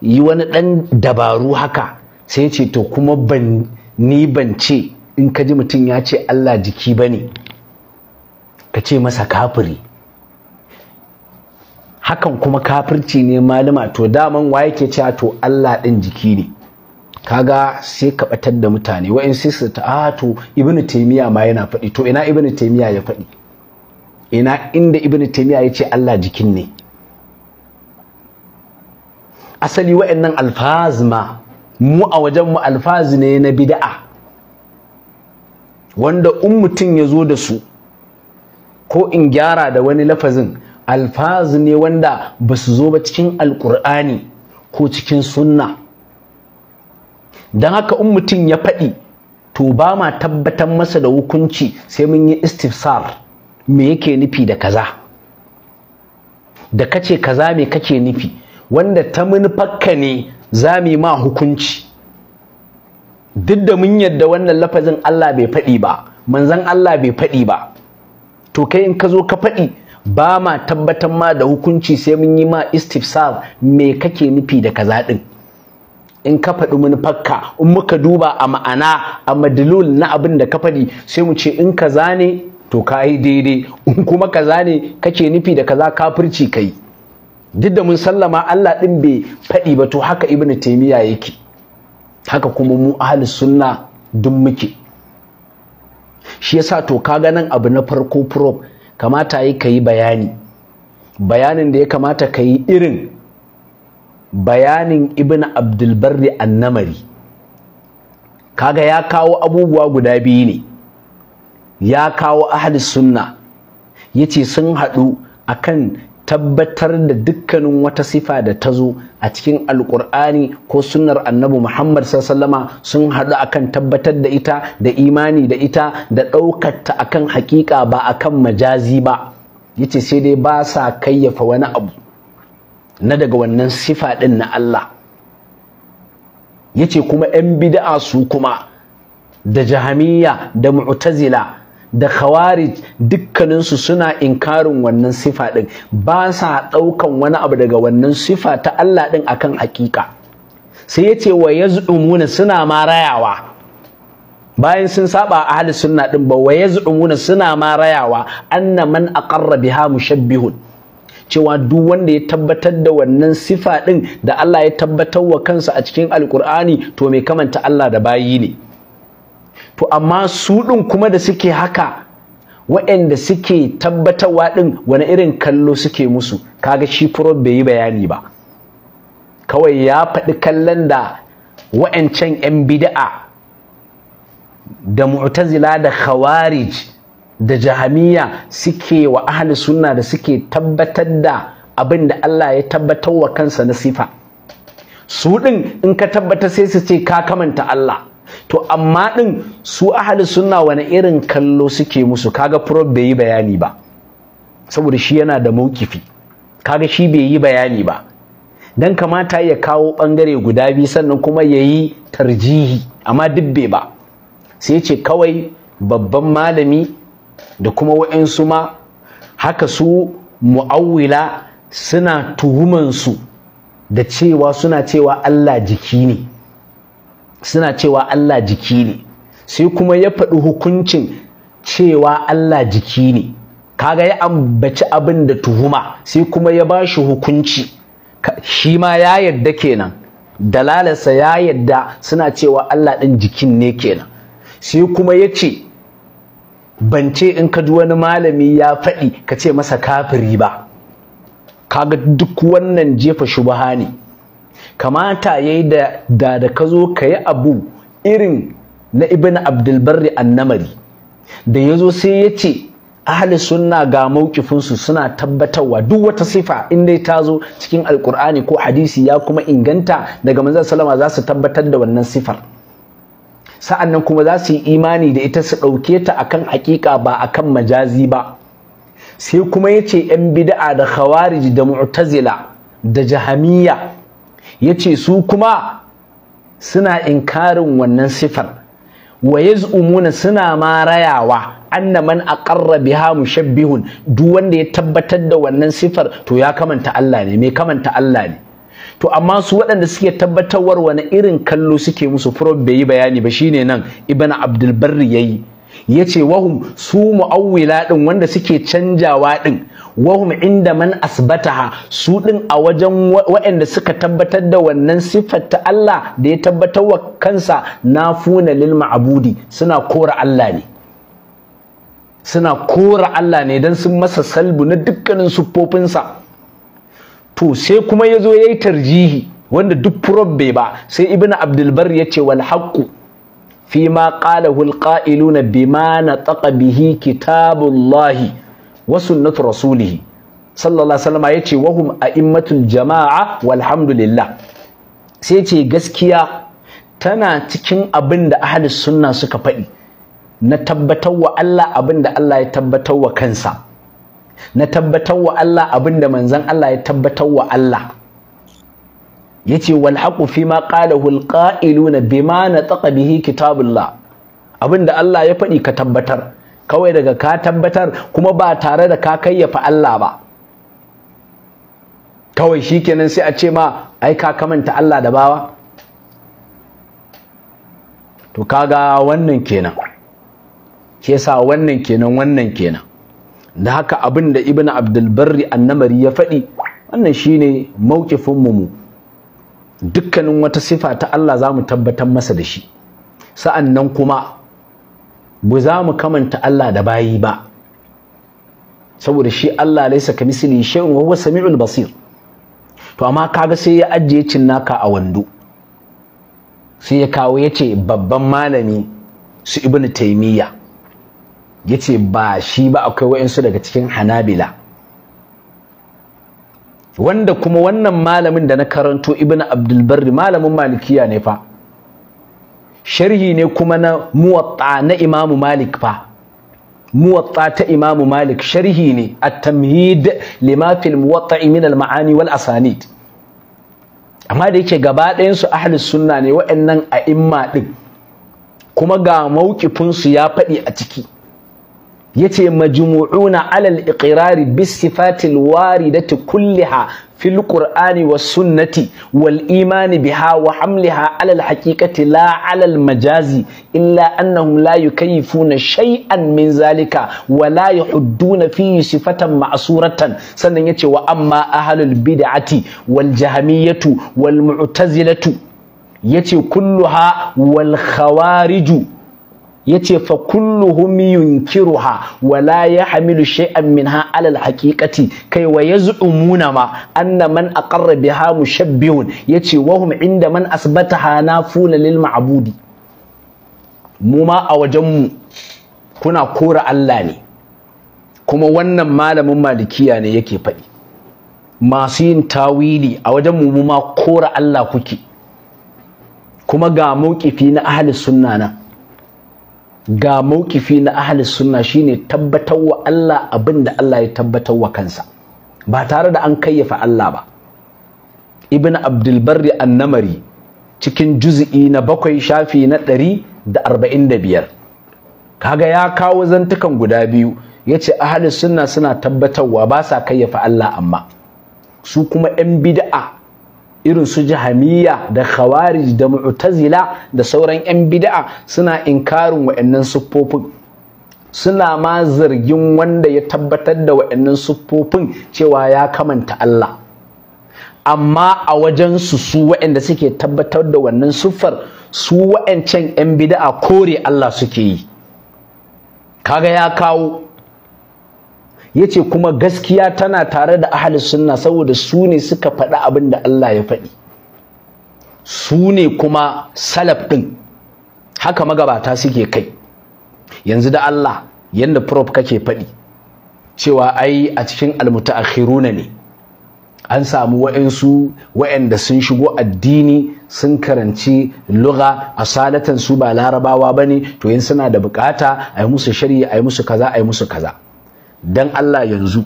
Speaker 1: yi wani ɗan dabaru haka sai ce to kuma ban ni ban ce in ka ji mutum ya ce Allah jiki ba ne ka ce masa kafiri hakan kuma kafirci ne malama to daman wa yake cewa to Allah ɗin jiki ne kaga sai ka batar da mutane wa'in sai su ta ah to ibnu taymiya ma yana faɗi to ina ibnu taymiya ya faɗi ina inda ibnu taymiya ya ce Allah jikin ne asali wa'annan alfazma mu a wajenmu alfazi ne na bida'a wanda in mutum ya zo da su ko in gyara da wani lafazin alfazi ne wanda ba su zo ba cikin alkur'ani ko cikin sunna don haka in mutum ya faɗi to ba ma tabbatar masa da hukunci sai mun yi istifsar me yake nufi da kaza da kace kaza me kake nufi wanda ta manufarka ne za mu yi ma hukunci duk da mun yadda wannan lafazin Allah bai faɗi ba manzon Allah bai faɗi ba to kai in ka zo ka faɗi ba ma tabbatar ma da hukunci sai mun yi ma istifsar me kake nufi da kaza ɗin. in ka faɗi mun fakka, in muka duba a ma'ana a madlul na abin da ka faɗi sai mu ce in kaza ne to ka yi daidai in kuma kaza ne kake nufi da kaza kafirci kai duk da mun sallama Allah ɗin bai faɗi ba to haka Ibn taymiya yake haka kuma mu ahli sunna duk muke shi yasa to kaga nan abu na farko prof kamata yi kayi bayani bayanin da ya kamata kayi irin bayanin ibn abdulbarri annamari kaga ya kawo abubuwa guda biyu ne ya kawo ahli sunna yace sun haɗu akan tabbatar da dukkanin wata sifa da ta zo a cikin alkur'ani ko sunnar annabi muhammad sallama sun haɗu akan tabbatar da ita da imani da ita da ɗaukarta akan hakika ba akan majazi ba yace sai dai ba sa kayyafa wani abu na daga wannan sifa ɗin na allah yace kuma 'yan bida'a su kuma da jahamiya da mu'tazila da khawarij dukkaninsu suna inkarin wannan sifa ɗin ba sa ɗaukan wani abu daga wannan sifa ta Allah ɗin akan hakika sai yace wa yaz'umuna suna ma rayawa bayan sun saba ahli sunna ɗin ba wa yaz'umuna suna ma rayawa anna man aqarra biha mushabbihun cewa duk wanda ya tabbatar da wannan sifa ɗin da Allah ya tabbatar wa kansa a cikin alkur'ani to mai kamanta Allah da bayi ne to amma su ɗin kuma da suke haka waɗanda suke tabbatarwa ɗin wani irin kallo suke musu kaga shi furof bai yi bayani ba kawai ya faɗi kallon da wa'ancan 'yan bida'a da mu'tazila da khawarij da jahamiya suke wa ahli sunna da suke tabbatar da abin da Allah ya tabbatar wa kansa na sifa su ɗin in ka tabbatar sai su ce ka kamanta Allah to amma din su ahli sunna wani irin kallo suke musu kaga prof bai yi bayani ba saboda shi yana da maukifi kaga shi bai yi bayani ba dan kamata ya kawo bangare guda biyu sannan kuma ya yi tarjihi amma duk bai ba sai ce kawai babban malami da kuma wa'insu ma haka su mu'awwila suna su da cewa suna cewa Allah jiki ne suna cewa Allah jiki ne sai kuma ya faɗi hukuncin cewa Allah jiki ne kaga ya ambaci abin da tuhuma sai kuma ya ba shi hukunci shi ma ya yadda kenan dalalarsa ya yadda suna cewa Allah ɗin jikin ne kenan sai kuma ya ce ban ce in ka ji wani malami ya faɗi ka ce masa kafiri ba kaga duk wannan jefa shubaha ne kamata ya yi da da ka zo ka yi abu irin na ibn abdulbarri annamari da ya zo sai ya ce ahli sunna ga maukifinsu suna tabbatarwa duk wata sifa in dai ta zo cikin alkur'ani ko hadisi ya kuma inganta daga manzon salama za su tabbatar da wannan sifar sa'an nan kuma za su yi imani da ita su ɗauke ta akan hakika ba akan majazi ba sai kuma ya ce 'yan bida'a da khawarij da mu'tazila da jahamiyya Ya ce su kuma suna inkarin wannan sifar wa yaz'umuna suna ma rayawa anna man aqarra biha mushabbihun duk wanda ya tabbatar da wannan sifar to ya kamanta Allah ne me kamanta Allah ne to amma su waɗanda suke tabbatarwar wani irin kallo suke musu furo bai yi bayani ba shine nan ibn Abdulbarri barri yayi ya ce wahum su mu'awwila din wanda suke canjawa din. wahum inda man asbataha su din a wajen waɗanda suka tabbatar da wannan siffar ta Allah da ya tabbatar wa kansa nafuna lil ma'budi suna kora Allah ne suna kora Allah ne dan sun masa salbu na dukkanin siffofinsa to sai kuma yazo yayi tarjihi wanda duk furobe ba sai ibnu abdulbar ya ce wal haqqu fi ma qalahu na bima nataqa bihi kitabullahi wa sunnatu rasulihi sallallahu alaihi wasallam yace wahum a'immatul jama'a walhamdulillah sai ce gaskiya tana cikin abin da ahli sunna suka faɗi na tabbatar wa Allah abin da Allah ya tabbatar wa kansa na tabbatar wa Allah abin da manzon Allah ya tabbatar wa Allah yace wal haqu fi ma qalahu al qa'iluna bima nataqa bihi kitabullah abinda Allah ya faɗi ka tabbatar kawai daga ka tabbatar kuma ba tare da ka kayyafa Allah ba kawai shikenan sai a ce ma ai ka kamanta Allah da bawa to kaga wannan kenan ke sa wannan kenan wannan kenan da haka abinda da ibnu abdul barri annamari ya faɗi wannan shine mauqifin mu dukkanin wata sifa ta Allah za mu tabbatar masa da shi Sa'annan kuma ba za mu kamanta Allah da bayi ba saboda shi Allah laisa ka misli shay'un wa huwa sami'ul basir to amma ka ga sai ya ajiye naka a wando sai ya kawo ya ce babban malami su ibnu taymiya yace ba shi ba akwai wayansu daga cikin hanabila wanda kuma wannan malamin da na karanto ibn abdulbarri malamin malikiya ne fa sharhi ne kuma na muwatta na imamu malik fa muwatta ta imamu malik sharhi ne a tamhid lima fil muwatta min al-ma'ani wal asanid amma da yake gaba ɗayansu su ahlus sunna ne wa'annan a'imma din kuma ga maukifinsu ya faɗi a ciki yace majmu'una alal iqrari bis sifatil waridati kulliha fil qur'ani was sunnati wal imani biha wa hamliha alal haqiqati la alal majazi illa annahum la yukayyifuna shay'an min zalika wa la yuhudduna fi sifatan ma'suratan sannan yace wa amma ahlul bid'ati wal jahmiyatu wal mu'tazilatu yace kulluha wal khawariju yace fa kulluhum yunkiruha wa la yahmilu shay'an minha ala alhaqiqati kai wa yaz'umuna ma anna man aqarra biha mushabbihun yace wa hum inda man asbataha nafuna lil ma'budi mu ma a wajen kuna kora Allah ne kuma wannan malamin malikiya ne yake faɗi masu yin tawili a wajen mu ma kora Allah kuke kuma ga mauƙifi na ahli sunna na ga maukifi na ahli sunna shine tabbatar wa Allah abin da Allah ya tabbatar wa kansa ba tare da an kayyafa Allah ba ibn Abdulbarri annamari cikin juzi'i na bakwai shafi na ɗari da arba'in da biyar kaga ya kawo zantukan guda biyu ya ce ahli sunna suna tabbatarwa ba sa kayyafa Allah amma su kuma 'yan bida'a irin su jahamiya da Khawari da mu'tazila da sauran 'yan bida'a suna inkarin wa'annan siffofin suna ma zargin wanda ya tabbatar da wa'annan siffofin cewa ya kamanta Allah amma a wajen su su wa'anda suke tabbatar da wannan siffar su wa'ancan 'yan bida'a kore Allah suke yi kaga ya kawo Ya ce kuma gaskiya tana tare da ahli sunna saboda su ne suka faɗi abin da Allah ya faɗi su ne kuma salaf ɗin haka magabata suke kai yanzu da Allah yadda prof kake faɗi cewa ai a cikin almutaakhiruna ne an samu wa'insu wa'anda sun shigo addini sun karanci lugha asalatan su ba larabawa bane to yin suna da bukata ai musu shari'a ai musu kaza ai musu kaza dan Allah yanzu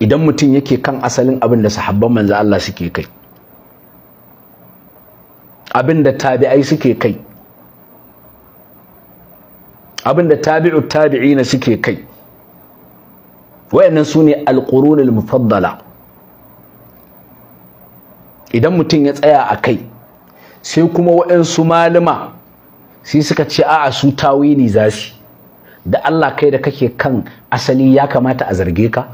Speaker 1: idan mutum yake kan asalin abin da sahabban manzo Allah suke kai abin da tabi'ai suke kai abin da tabi'u tabi'ina suke kai wayannan sune al mufaddala idan mutum ya tsaya a kai sai kuma waɗansu malama sai suka ce a'a su tawili zasu da Allah kai da kake kan asali ya kamata a zarge ka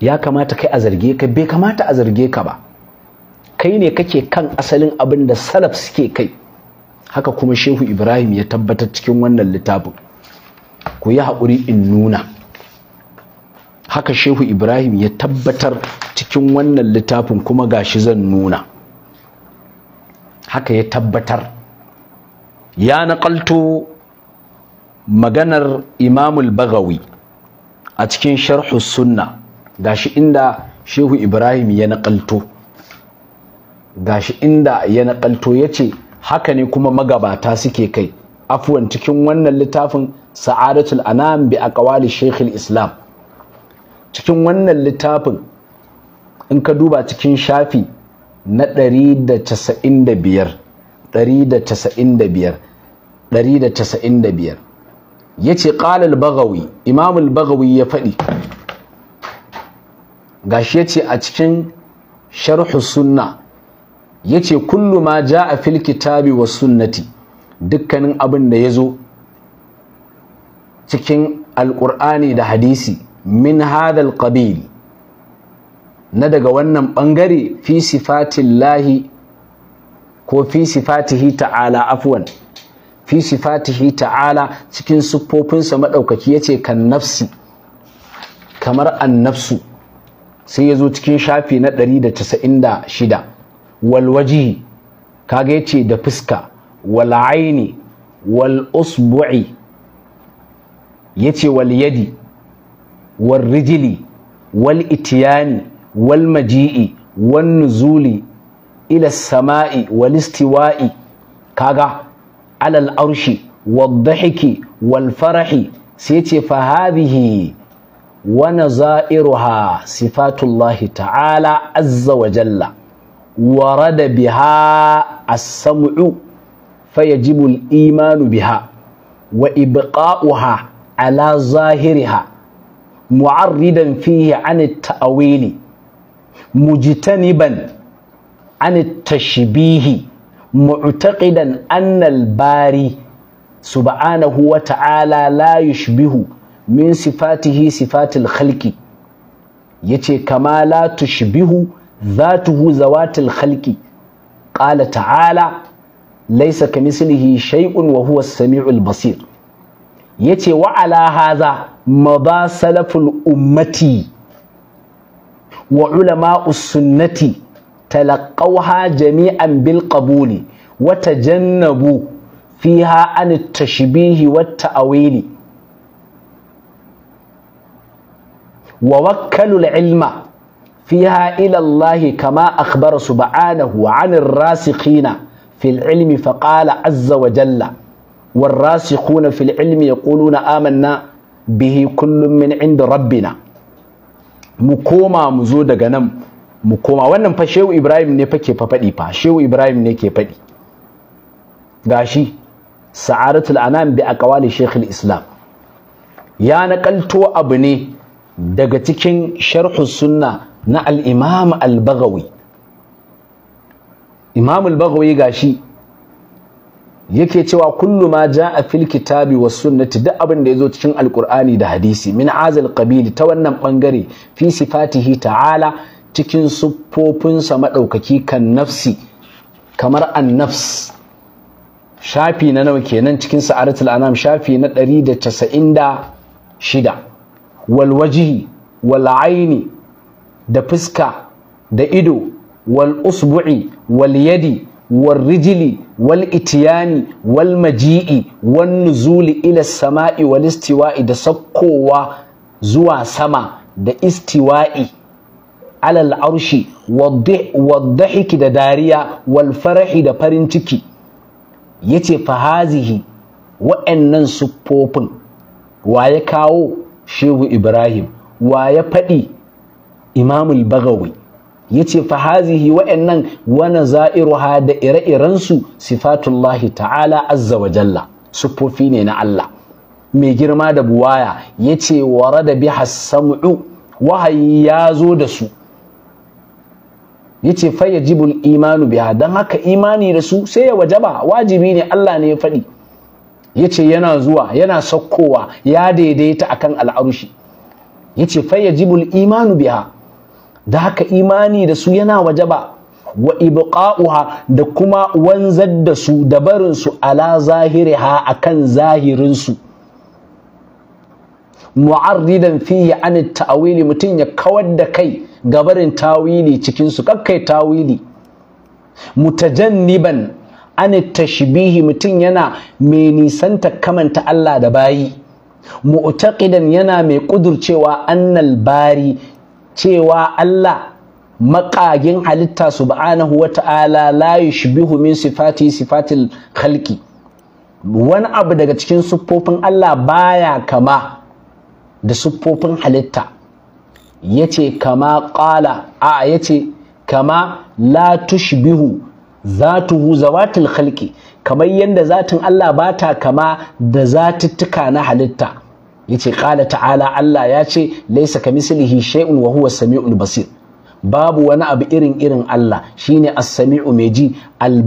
Speaker 1: ya kamata kai a zarge ka bai kamata a zarge ka ba kai ne kake kan asalin abin da salaf suke kai haka kuma shehu ibrahim ya tabbatar cikin wannan littafin ku yi haƙuri in nuna haka shehu ibrahim ya tabbatar cikin wannan littafin kuma ga shi zan nuna haka ya tabbatar ya naƙalto maganar imamul bagawi a cikin sharhu sunna gashi inda shehu ibrahim ya naƙalto gashi inda ya naƙalto ya ce haka ne kuma magabata suke kai afuwan cikin wannan littafin sa'adatul anam bi ƙawali shekhul islam cikin wannan littafin in ka duba cikin shafi na 195 195 Ya ce ƙalil bagawi imamul bagawi ya faɗi Ga shi ya ce a cikin sharhu sunna yace kullu ma ja a kitabi wa sunnati dukkanin abin da ya zo cikin Alƙur'ani da hadisi min hadal ƙabil na daga wannan ɓangare fi sifatillahi ko fi sifatihi ta'ala afwan fi sifatihi ta'ala cikin siffofinsa maɗaukaki ya ce kan nafsi kamar an nafsu sai ya zo cikin shafi na 196 walwaji kaga ya ce da fuska wal'aini wal'usbu'i ya ce walyadi walrijili wal'itiyani walmaji'i wannuzuli ila sama'i walistiwa'i kaga alal arshi waddahiki wal farahi sai ce fa hadhihi wa nazairuha sifatullahi ta'ala azza wa jalla warada biha as-sam'u fayajibu al-imanu biha wa ibqa'uha ala zahiriha معرضا فيه عن التأويل مجتنبا عن tashbihi mu'taqidan annal bari subhanahu huwa ta'ala la yushbihu min sifatihi sifatil khalqi yace kama la tushbihu ذاته ذوات الخلق قال تعالى ليس كمثله شيء وهو السميع البصير يتي وعلى هذا مضى سلف الأمة وعلماء السنة talaqawha jami'an bil qabuli wa tajannabu fiha an tashbihi wat ta'wili wa wakkalu ilma fiha ila Allah kama akhbara subhanahu 'anil rasikhina fil ilmi faqala azza wa jalla والراسخون في العلم يقولون آمنا به كل من inda ربنا mu koma mu zo daga nan mu koma wannan fa shehu ibrahim ne fa ke fa faɗi fa shehu ibrahim ne ke faɗi gashi sa'aratul anam bi aqwali shaykhul islam ya naƙalto abu ne daga cikin sharhu sunna na al-imam al-baghawi imam al-baghawi gashi yake cewa kullu ma jaa fil kitabi was sunnati duk abin da yazo cikin alqur'ani da hadisi min azal qabili ta wannan bangare fi sifatihi ta'ala cikin siffofinsa maɗaukaki kan nafsi kamar an nafs shafi na nawa kenan cikin sa'aratul anam shafi na 196 wal wajihi wal aini da fuska da ido wal usbu'i wal yadi wal rijili wal itiyani wal maji'i wal nuzuli ila sama'i wal istiwa'i da sakkowa zuwa sama da istiwa'i alal arshi waddahiki da dariya wal da farin ciki yace fahazihi wa'annan siffofin wa ya kawo shehu ibrahim wa ya faɗi imamul bagawi ya ce fahazihi waɗannan wani za'iruha da ire iren su? sifatullahi ta'ala azza wa jalla siffofi ne na Allah mai girma da buwaya ya ce ware da bi hassamu wahayi ya zo da su yace fa yajibul imanu biha dan haka imani da su sai ya wajaba wajibi ne Allah ne ya faɗi yace yana zuwa yana sakkowa ya daidaita akan al'arushi yace fa yajibul imanu biha da haka imani da su yana wajaba wa ibqa'uha da kuma wanzar da su da barin su ala zahiriha akan zahirin su mu'arridan fihi an ta'wili mutum ya kawar da kai gabarin tawili cikin su kakkai tawili mutajanniban an tashbihi mutum yana mai nisanta kamanta Allah da bayi mu'taqidan yana mai kudurcewa annal bari cewa Allah maƙagin halitta subhanahu wata'ala la yushbihu min sifati sifatil khalqi wani abu daga cikin siffofin Allah baya kama da siffofin halitta Ya ce kama ƙala a ce kama la zatuhu zawatil khalqi kamar yadda zatin Allah bata kama da zatuttuka na halitta Ya ce ƙala ta'ala Allah ya ce yace laysa kamislihi shay'un wa huwa samiul basir babu wani abu irin irin Allah shine as-sami'u mai ji al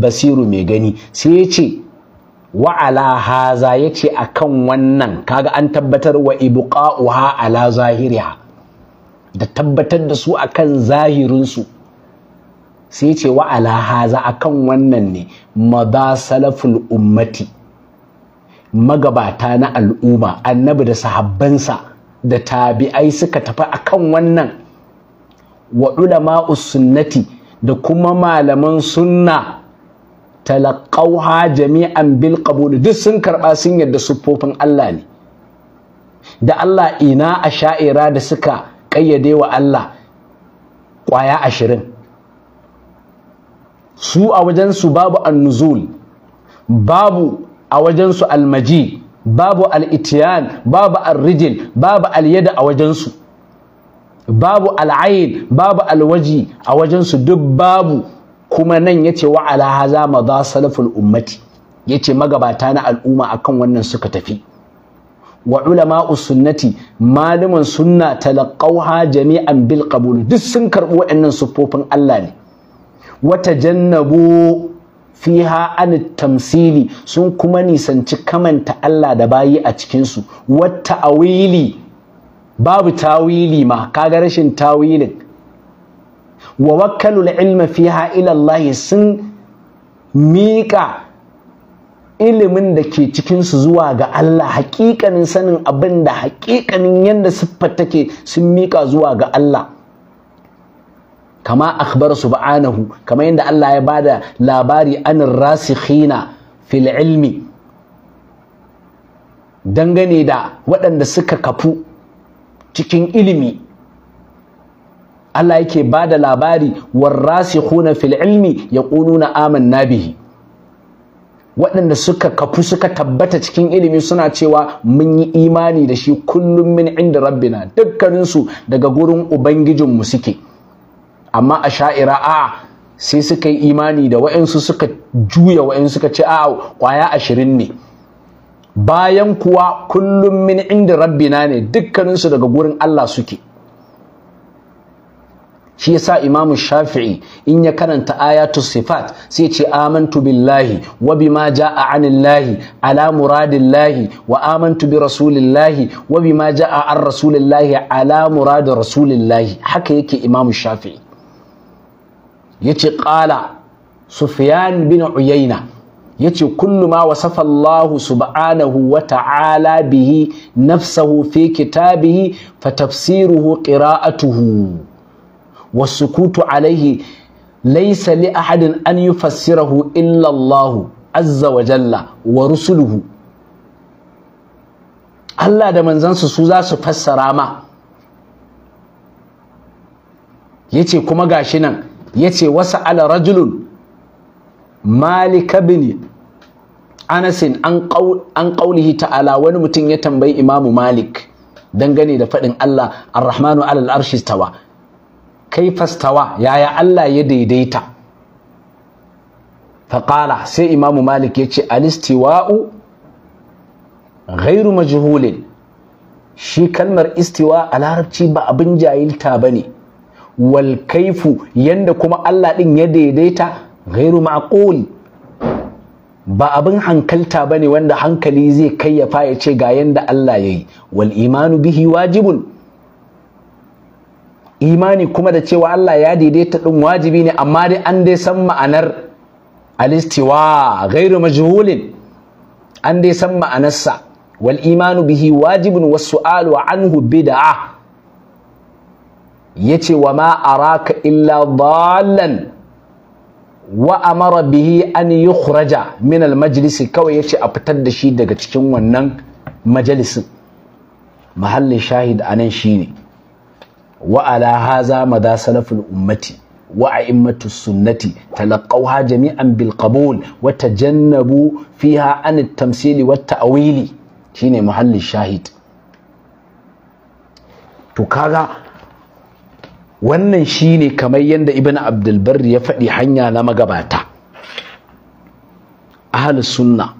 Speaker 1: mai gani sai ya ce. wa ala haza yace akan wannan kaga an tabbatar wa ibqa'uha ala zahiriha da tabbatar da su akan zahirin su sai yace wa ala haza akan wannan ne madha salaful ummati magabata na al'umma annabi da sahabbansa da tabi'ai suka tafi akan wannan wa ulama'us sunnati da kuma malaman sunna talaƙauha jami'an bil duk sun karɓa sun yadda siffofin Allah ne da Allah ina a sha'ira da suka kayyade wa Allah ƙwaya ashirin su a wajensu babu annuzul babu a wajensu almaji babu al'itiyan babu alrijil babu alyada a wajensu babu al'ayin babu alwaji a wajensu duk babu kuma nan yace wa ala haza madha salaful ummati ce magabata na al'umma akan wannan suka tafi wa ulama sunnati malaman sunna talaqawha jami'an bil qabul duk sun karbo wayannan sufofin Allah ne wata jannabu fiha an tamsili sun kuma nisanci kamanta Allah da bayi a cikinsu wata awili babu tawili ma kaga rashin tawilin wa wakkalul ilma fiha ila Allah sun miƙa ilimin da ke cikinsu zuwa ga Allah haƙiƙanin sanin abin da haƙiƙanin yadda siffar take sun miƙa zuwa ga Allah kama akhbar subhanahu kama yanda Allah ya bada labari an rasikhina fil ilmi dangane da waɗanda suka kafu cikin ilimi Allah yake ba da labari warrasikhuna fil ilmi yaquluna amanna bihi waɗanda suka kafu suka tabbata cikin ilimi suna cewa mun yi imani da shi kullum min inda rabbina dukkaninsu daga gurin ubangijin mu suke amma a sha'ira a sai suka yi imani da waɗansu suka juya waɗansu suka ce a kwaya ashirin ne bayan kuwa kullum min inda rabbina ne dukkaninsu daga gurin Allah suke shi yasa imamu shafi'i in ya karanta ayatu sifat sai ce amantu billahi wa bima jaa anillahi ala muradillahi wa amantu bi rasulillahi wa bima jaa an rasulillahi ala muradi rasulillahi haka yake imamu shafi'i yace qala sufyan bin uyayna yace kullu ma wasafa Allah subhanahu wa ta'ala bihi nafsahu fi kitabihi fa tafsiruhu qira'atuhu wasukutu alaihi laisali li ahadin an yufassirahu illa illallahu azza wa jalla wa rusuluhu Allah da manzansu su za su fassara ma yace kuma ga shi nan yace wasa ala rajulun malik bin anasin an qaulihi ta'ala wani mutum ya tambayi imamu malik dangane da faɗin Allah ar-rahmanu alal arshi kai fastawa yaya Allah ya daidaita faƙala sai imamu malik ya ce alistiwa'u ghairu majhulin shi kalmar istiwa a larabci ba abin jahilta ba ne wal kaifu yanda kuma Allah ɗin ya daidaita ghairu ma'qul ba abin hankalta ba ne wanda hankali zai kayyafa ya ce ga yadda Allah ya yi wal imanu bihi wajibun imani kuma da cewa Allah ya daidaita ɗin wajibi ne amma dai an dai san ma'anar alistiwa gairu majhulin an dai san ma'anarsa wal imanu bihi wajibin wasu alu anhu bid'a yace wa ma araka illa dallan wa amara bihi an yukhraja min al majlisi kawai yace a fitar da shi daga cikin wannan majalisin mahallin shahid anan shine Wa'ala haza madha salaful ummati wa a'immatu sunnati talaqqawha jami'an bil wata wa tajannabu fiha an at-tamsili wat shine muhallin shahid to kaga wannan shine kamar yadda ibn Abdulbarri ya faɗi hanya na magabata ahlus sunna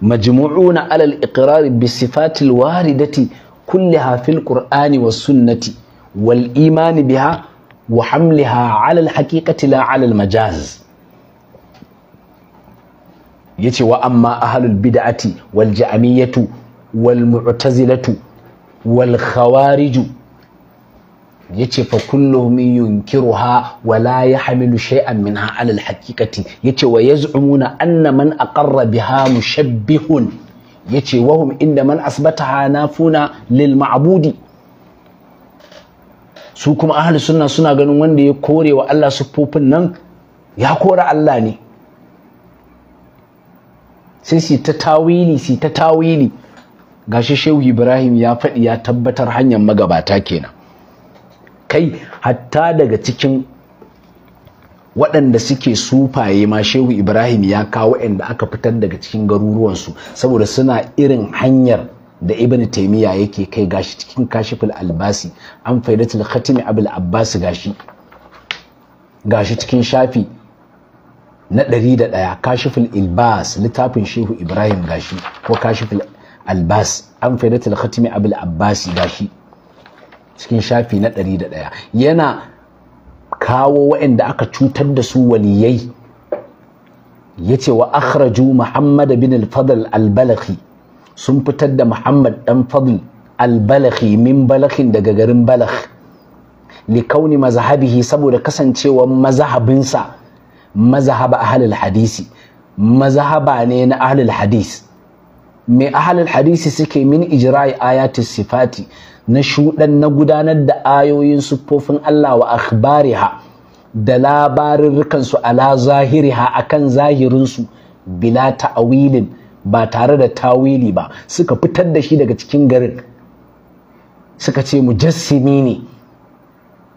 Speaker 1: majmu'una alal iqrar bi sifatil waridati kulliha fil qur'ani was sunnati wal imani biha wa hamliha ala al haqiqati la ala al majaz yace wa amma ahlul bid'ati wal ja'miyatu wal mu'tazilatu wal khawariju yace fa kulluhum yunkiruha wa la yahmilu shay'an minha ala alhaqiqati yace wa yaz'umuna anna man aqarra biha mushabbihun yace wa hum inda man asbataha nafuna lil ma'budi su kuma ahli sunna suna ganin wanda ya kore wa Allah siffofin nan ya kore Allah ne sai su ta tawili su ta tawili gashi shehu ibrahim ya faɗi ya tabbatar hanyar magabata kenan kai hatta daga cikin waɗanda suke sufaye ma shehu ibrahim ya kawo waɗanda aka fitar daga cikin garuruwansu saboda suna irin hanyar da ibn taimiyya yake kai gashi cikin kashiful albasi an faidatul khatimi abul abbas gashi gashi cikin shafi na ɗari da ɗaya kashiful ilbas littafin shehu ibrahim gashi ko kashiful albas an faidatul khatimi abul abbas gashi cikin shafi na ɗari da ɗaya yana kawo waɗanda aka cutar da su waliyai ya ce wa akhraju muhammad bin al-fadl al-balakhi sun fitar da Muhammad dan Fadl al min balaghin daga garin balagh li kauni mazhabihi saboda kasancewar mazhabinsa mazhab ahlul hadisi mazhaba ne na ahlul hadis mai ahlul hadisi suke min ijra'i ayati sifati na shuɗan na gudanar da ayoyin sufofin Allah wa akhbariha da labarin su ala zahiriha akan zahirinsu bila ta'awilin ba tare da tawili ba suka fitar da shi daga cikin garin suka ce mujassimi ne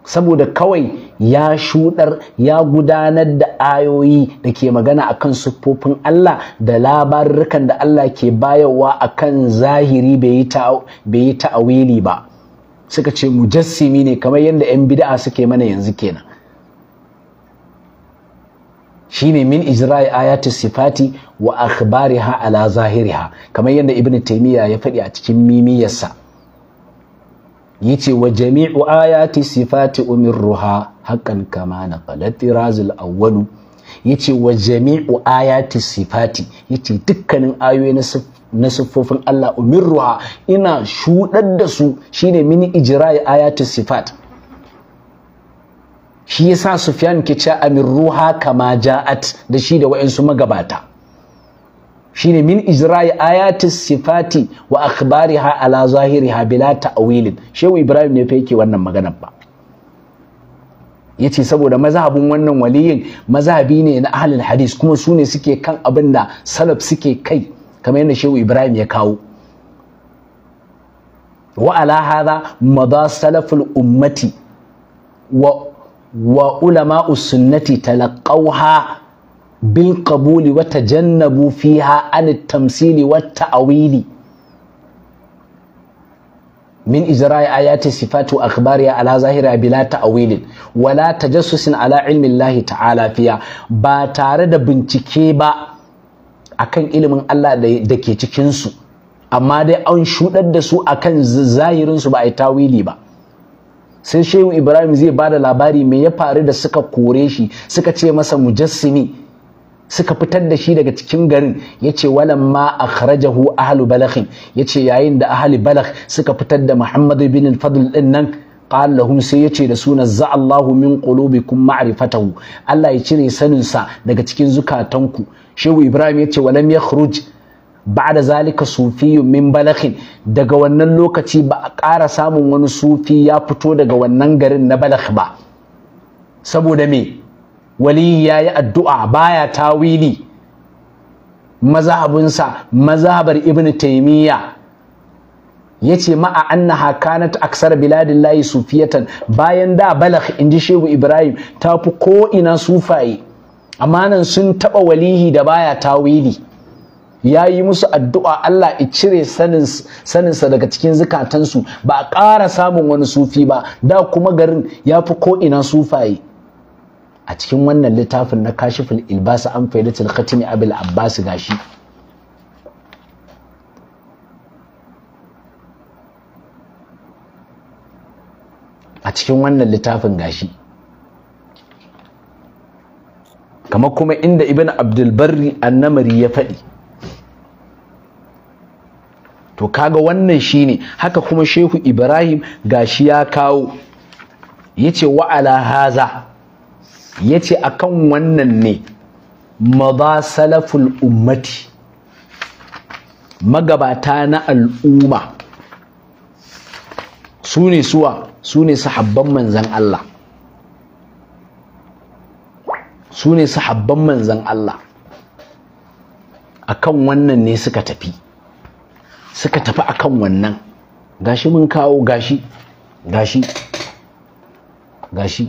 Speaker 1: saboda kawai ya shudar ya gudanar da ayoyi da ke magana akan siffofin Allah da labarurrukan da Allah ke bayarwa akan zahiri bai yi ta'awili ba suka ce mujassimi ne kamar yadda 'yan bida'a suke mana yanzu kenan shine min ijra'i ayati sifati wa akhbariha ala zahiriha kamar yadda ibn taymiya ya faɗi a cikin mimiyarsa yace wa jami'u ayati sifati umirruha hakan kama naqala tirazul awwalu yace wa jami'u ayati sifati yace dukkanin ayoyi na na siffofin Allah umirruha ina shuɗar da su shine min ijra'i ayati sifati shi yasa Sufyan ke cewa amir ruha kama ja'at da shi da wayansu magabata shine min ijra'i ayatis sifati wa ha ala zahiriha bila ta'wilin shehu ibrahim ne fa yake wannan magana ba yace saboda mazhabin wannan waliyin mazhabi ne na ahlul hadis kuma su ne suke kan abin da salaf suke kai kamar yadda shehu ibrahim ya kawo wa ala hadha madha salaful ummati wa wa ulama usunnati talaqawha bil qabuli wa tajannabu fiha an tamsili wa tawili min ijra'i ayati sifatu akhbari ala zahira bila wa wala tajassusin ala ilmi Allah ta'ala fiya ba tare da bincike ba akan ilimin Allah da ke cikin su amma dai an shudar da su akan zahirin su ba yi tawili ba sai shehu ibrahim zai ba da labari mai ya faru da suka kore shi suka ce masa mujassimi suka fitar da shi daga cikin garin ya ce walan ma a akhrajahu ahlu balakhin ya ce yayin da ahali balakh suka fitar da muhammadu bin al-fadl din nan qala lahum sai ya ce da suna za Allahu min qulubikum ma'rifatahu Allah ya cire saninsa daga cikin zukatanku shehu ibrahim ya ce walam yakhruj بعد zalika صوفي min balakhin daga wannan lokaci ba a ƙara samun wani sufi ya fito daga wannan garin na balakh ba saboda me wali ya yi addu'a baya tawili mazhabinsa mazhabar ibnu taymiya yace ma'a annaha kanat aksar biladillahi sufiyatan bayan da balakh inji shehu ibrahim ta fi ko ina sufaye amanan sun taba walihi da baya tawili ya yi musu addu'a Allah ya cire saninsa daga cikin zikatansu ba a ƙara samun wani sufi ba da kuma garin ya fi ko'ina sufaye a cikin wannan littafin na kashifin ilbasa an faidatul khatimi abil abbas gashi a cikin wannan littafin gashi Kama kuma inda ibn abdulbarri annamari ya faɗi to kaga wannan shine haka kuma shehu ibrahim gashi ya kawo yace ce wa'ala haza yace akan wannan ne maza salaful ummati magabata na al'umma su ne suwa su ne habban manzan Allah su ne habban manzan Allah akan wannan ne suka tafi suka tafi akan wannan gashi mun kawo gashi gashi gashi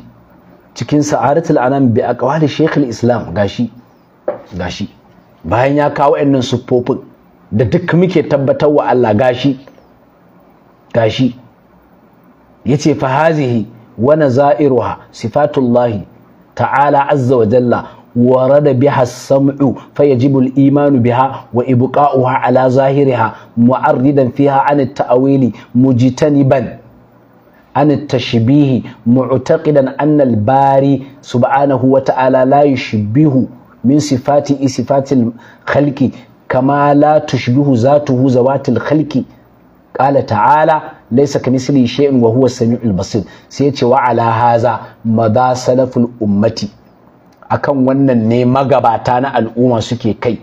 Speaker 1: cikin sa'aratul anam bi aqwali shaykhul islam gashi gashi bayan ya kawo ɗannan siffofin da duk muke tabbatar wa Allah gashi gashi yace fa hazihi wa nazairuha sifatullahi ta'ala azza wa jalla ورد بها السمع فيجب الإيمان بها وإبقاؤها على ظاهرها معرضا فيها عن التأويل مجتنبا عن التشبيه معتقدا أن الباري سبحانه وتعالى لا يشبه من صفاته صفات الخلق كما لا تشبه ذاته ذوات الخلق قال تعالى ليس كمثله شيء وهو السميع البصير سيتي وعلى هذا مدى سلف الأمة akan wannan ne magabata na al'umma suke kai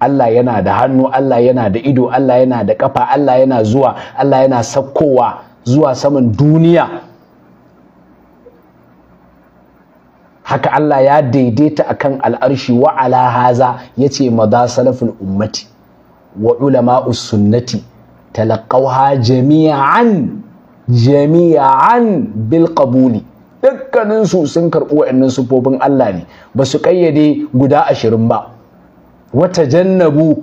Speaker 1: Allah yana da hannu Allah yana da ido Allah yana da kafa Allah yana zuwa Allah yana sakkowa zuwa saman duniya haka Allah ya daidaita akan al'arshi wa ala haza yace madha salaful ummati wa ulama'us sunnati talaqawha jami'an jami'an bil qabuli dukkaninsu sun karɓi wa'annan sufofin Allah ne ba su ƙayyade guda ashirin ba wata jannabu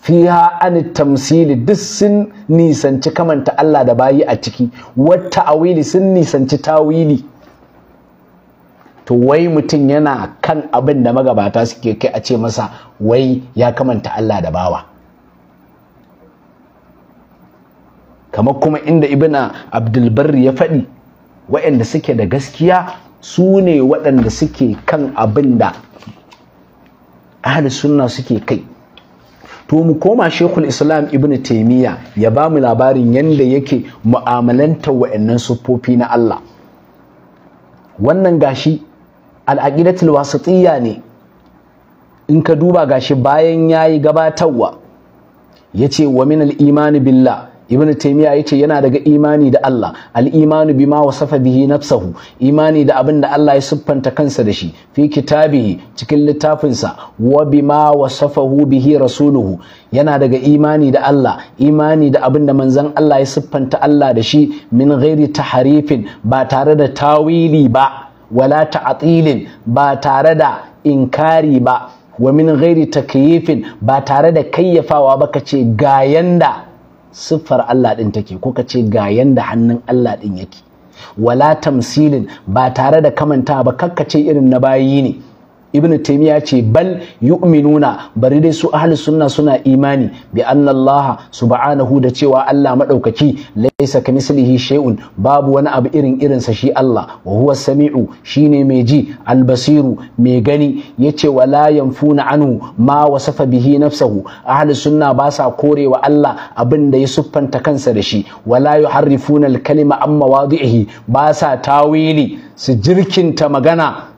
Speaker 1: fiha an tamsili duk sun nisanci kamanta Allah da bayi a ciki wata awili sun nisanci tawili to wai mutum yana kan abin da magabata suke kai a ce masa wai ya kamanta Allah da bawa kamar kuma inda ibina abdulbar ya faɗi waɗanda suke da gaskiya su ne waɗanda suke kan abin da sunna suke kai to mu koma shekul islam ibn taimiyya ya ba mu labarin yadda yake mu'amalanta wa'annan siffofi na Allah wannan gashi al'aqidatul wasatiyya ne in ka duba gashi bayan yayi gabatarwa ce wa min imani billah ibn taymiya ce yana daga imani da Allah al imanu bima wasafa bihi nafsahu imani da abin da Allah ya siffanta kansa da shi fi kitabihi cikin littafinsa wa bima wasafahu bihi rasuluhu yana daga imani da Allah imani da abin da manzon Allah ya siffanta Allah da shi min ghairi taharifin ba tare da tawili ba wala ta'tilin ba tare da inkari ba wa min ghairi takyifin ba tare da kayyafawa ba kace ga yanda siffar Allah ɗin take ko ka ce ga yanda hannun Allah ɗin yake wala tamsilin ba tare da kamanta ba kakkace irin na bayi ne ibnu taymiya ce bal yu'minuna bari dai su ahli sunna suna imani bi anna allaha subhanahu da cewa Allah madaukaki laysa kamislihi shay'un babu wani abu irin irinsa shi Allah wa huwa sami'u shine mai ji albasiru mai gani yace wala yanfuna anhu ma wasafa bihi nafsahu ahli sunna ba sa korewa Allah abin da ya siffanta kansa da shi wala yuharrifuna al-kalima amma wadi'ihi ba sa tawili su jirkinta magana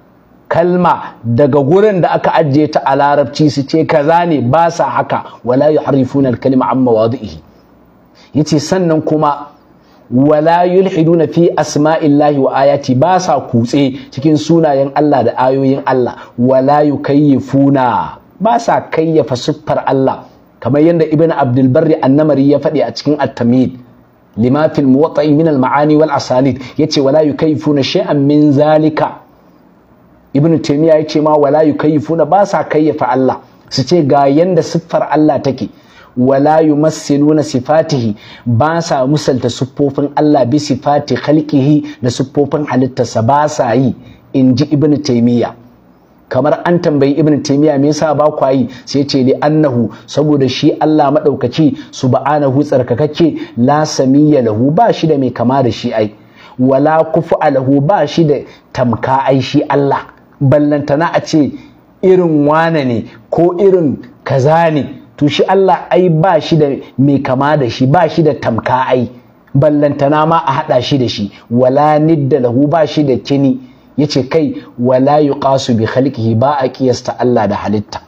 Speaker 1: kalma daga gurin da aka ajiye ta a larabci su ce kaza ne ba sa haka wala yuharrifuna al-kalima an mawadihi yace sannan kuma wala yulhiduna fi asma'illahi wa ayati ba sa kutse cikin sunayen Allah da ayoyin Allah wala yukayyifuna ba sa kayyafa siffar Allah kamar yadda ibn abdul barri annamari ya faɗi a cikin at-tamid lima fil muwatta'i min al-ma'ani wal asalid yace wala yukayyifuna shay'an min zalika ibn taymiya ya ce ma wala yukayyifuna ba sa kayyafa Allah su ce ga yanda siffar Allah take wala yumassiluna sifatihi ba sa musalta siffofin Allah bi sifati khalqihi da siffofin halittarsa ba sa yi in ji ibn taymiya kamar an tambayi ibn taymiya me yasa ba kwa yi sai ce li annahu saboda shi Allah madaukaki subhanahu tsarkakakke la samiyya lahu ba shi da mai kama da shi ai wala kufu alahu ba shi da tamka ai shi Allah ballantana a ce irin wane ne ko irin kaza ne to shi Allah ai ba shi da mai kama da shi ba shi da tamka ai ballantana ma a haɗa shi da shi wala nidda lahu ba shi da kini yace kai wala yuqasu bi khalqihi ba a kiyasta Allah da halitta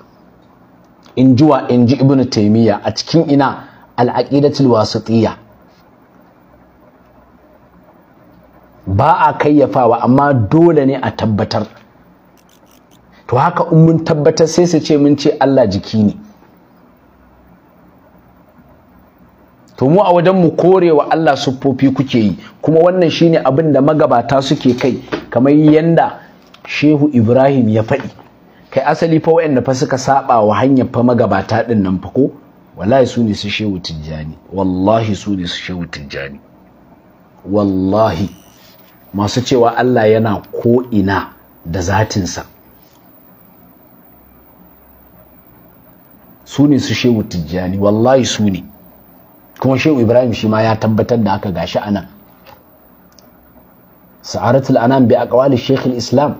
Speaker 1: in jiwa in ji ibnu taymiya a cikin ina al-aqidatul wasitiyya ba a kayyafawa amma dole ne a tabbatar to haka in mun tabbatar sai su ce mun ce Allah jiki ne to mu a wajen mu korewa Allah siffofi kuke yi kuma wannan shine abin da magabata suke kai kamar yanda Shehu Ibrahim ya faɗi kai asali fa waɗanda fa suka saba wa hanyar fa magabata ɗin nan fa ko wallahi su ne su Shehu Tijjani wallahi su ne su Shehu Tijjani wallahi masu cewa Allah yana ko ina da zatinsa su ne su shehu tijjani wallahi su ne kuma shehu ibrahim shi ma ya tabbatar da aka gashi anan sa'aratul anam bi aqwali shaykh islam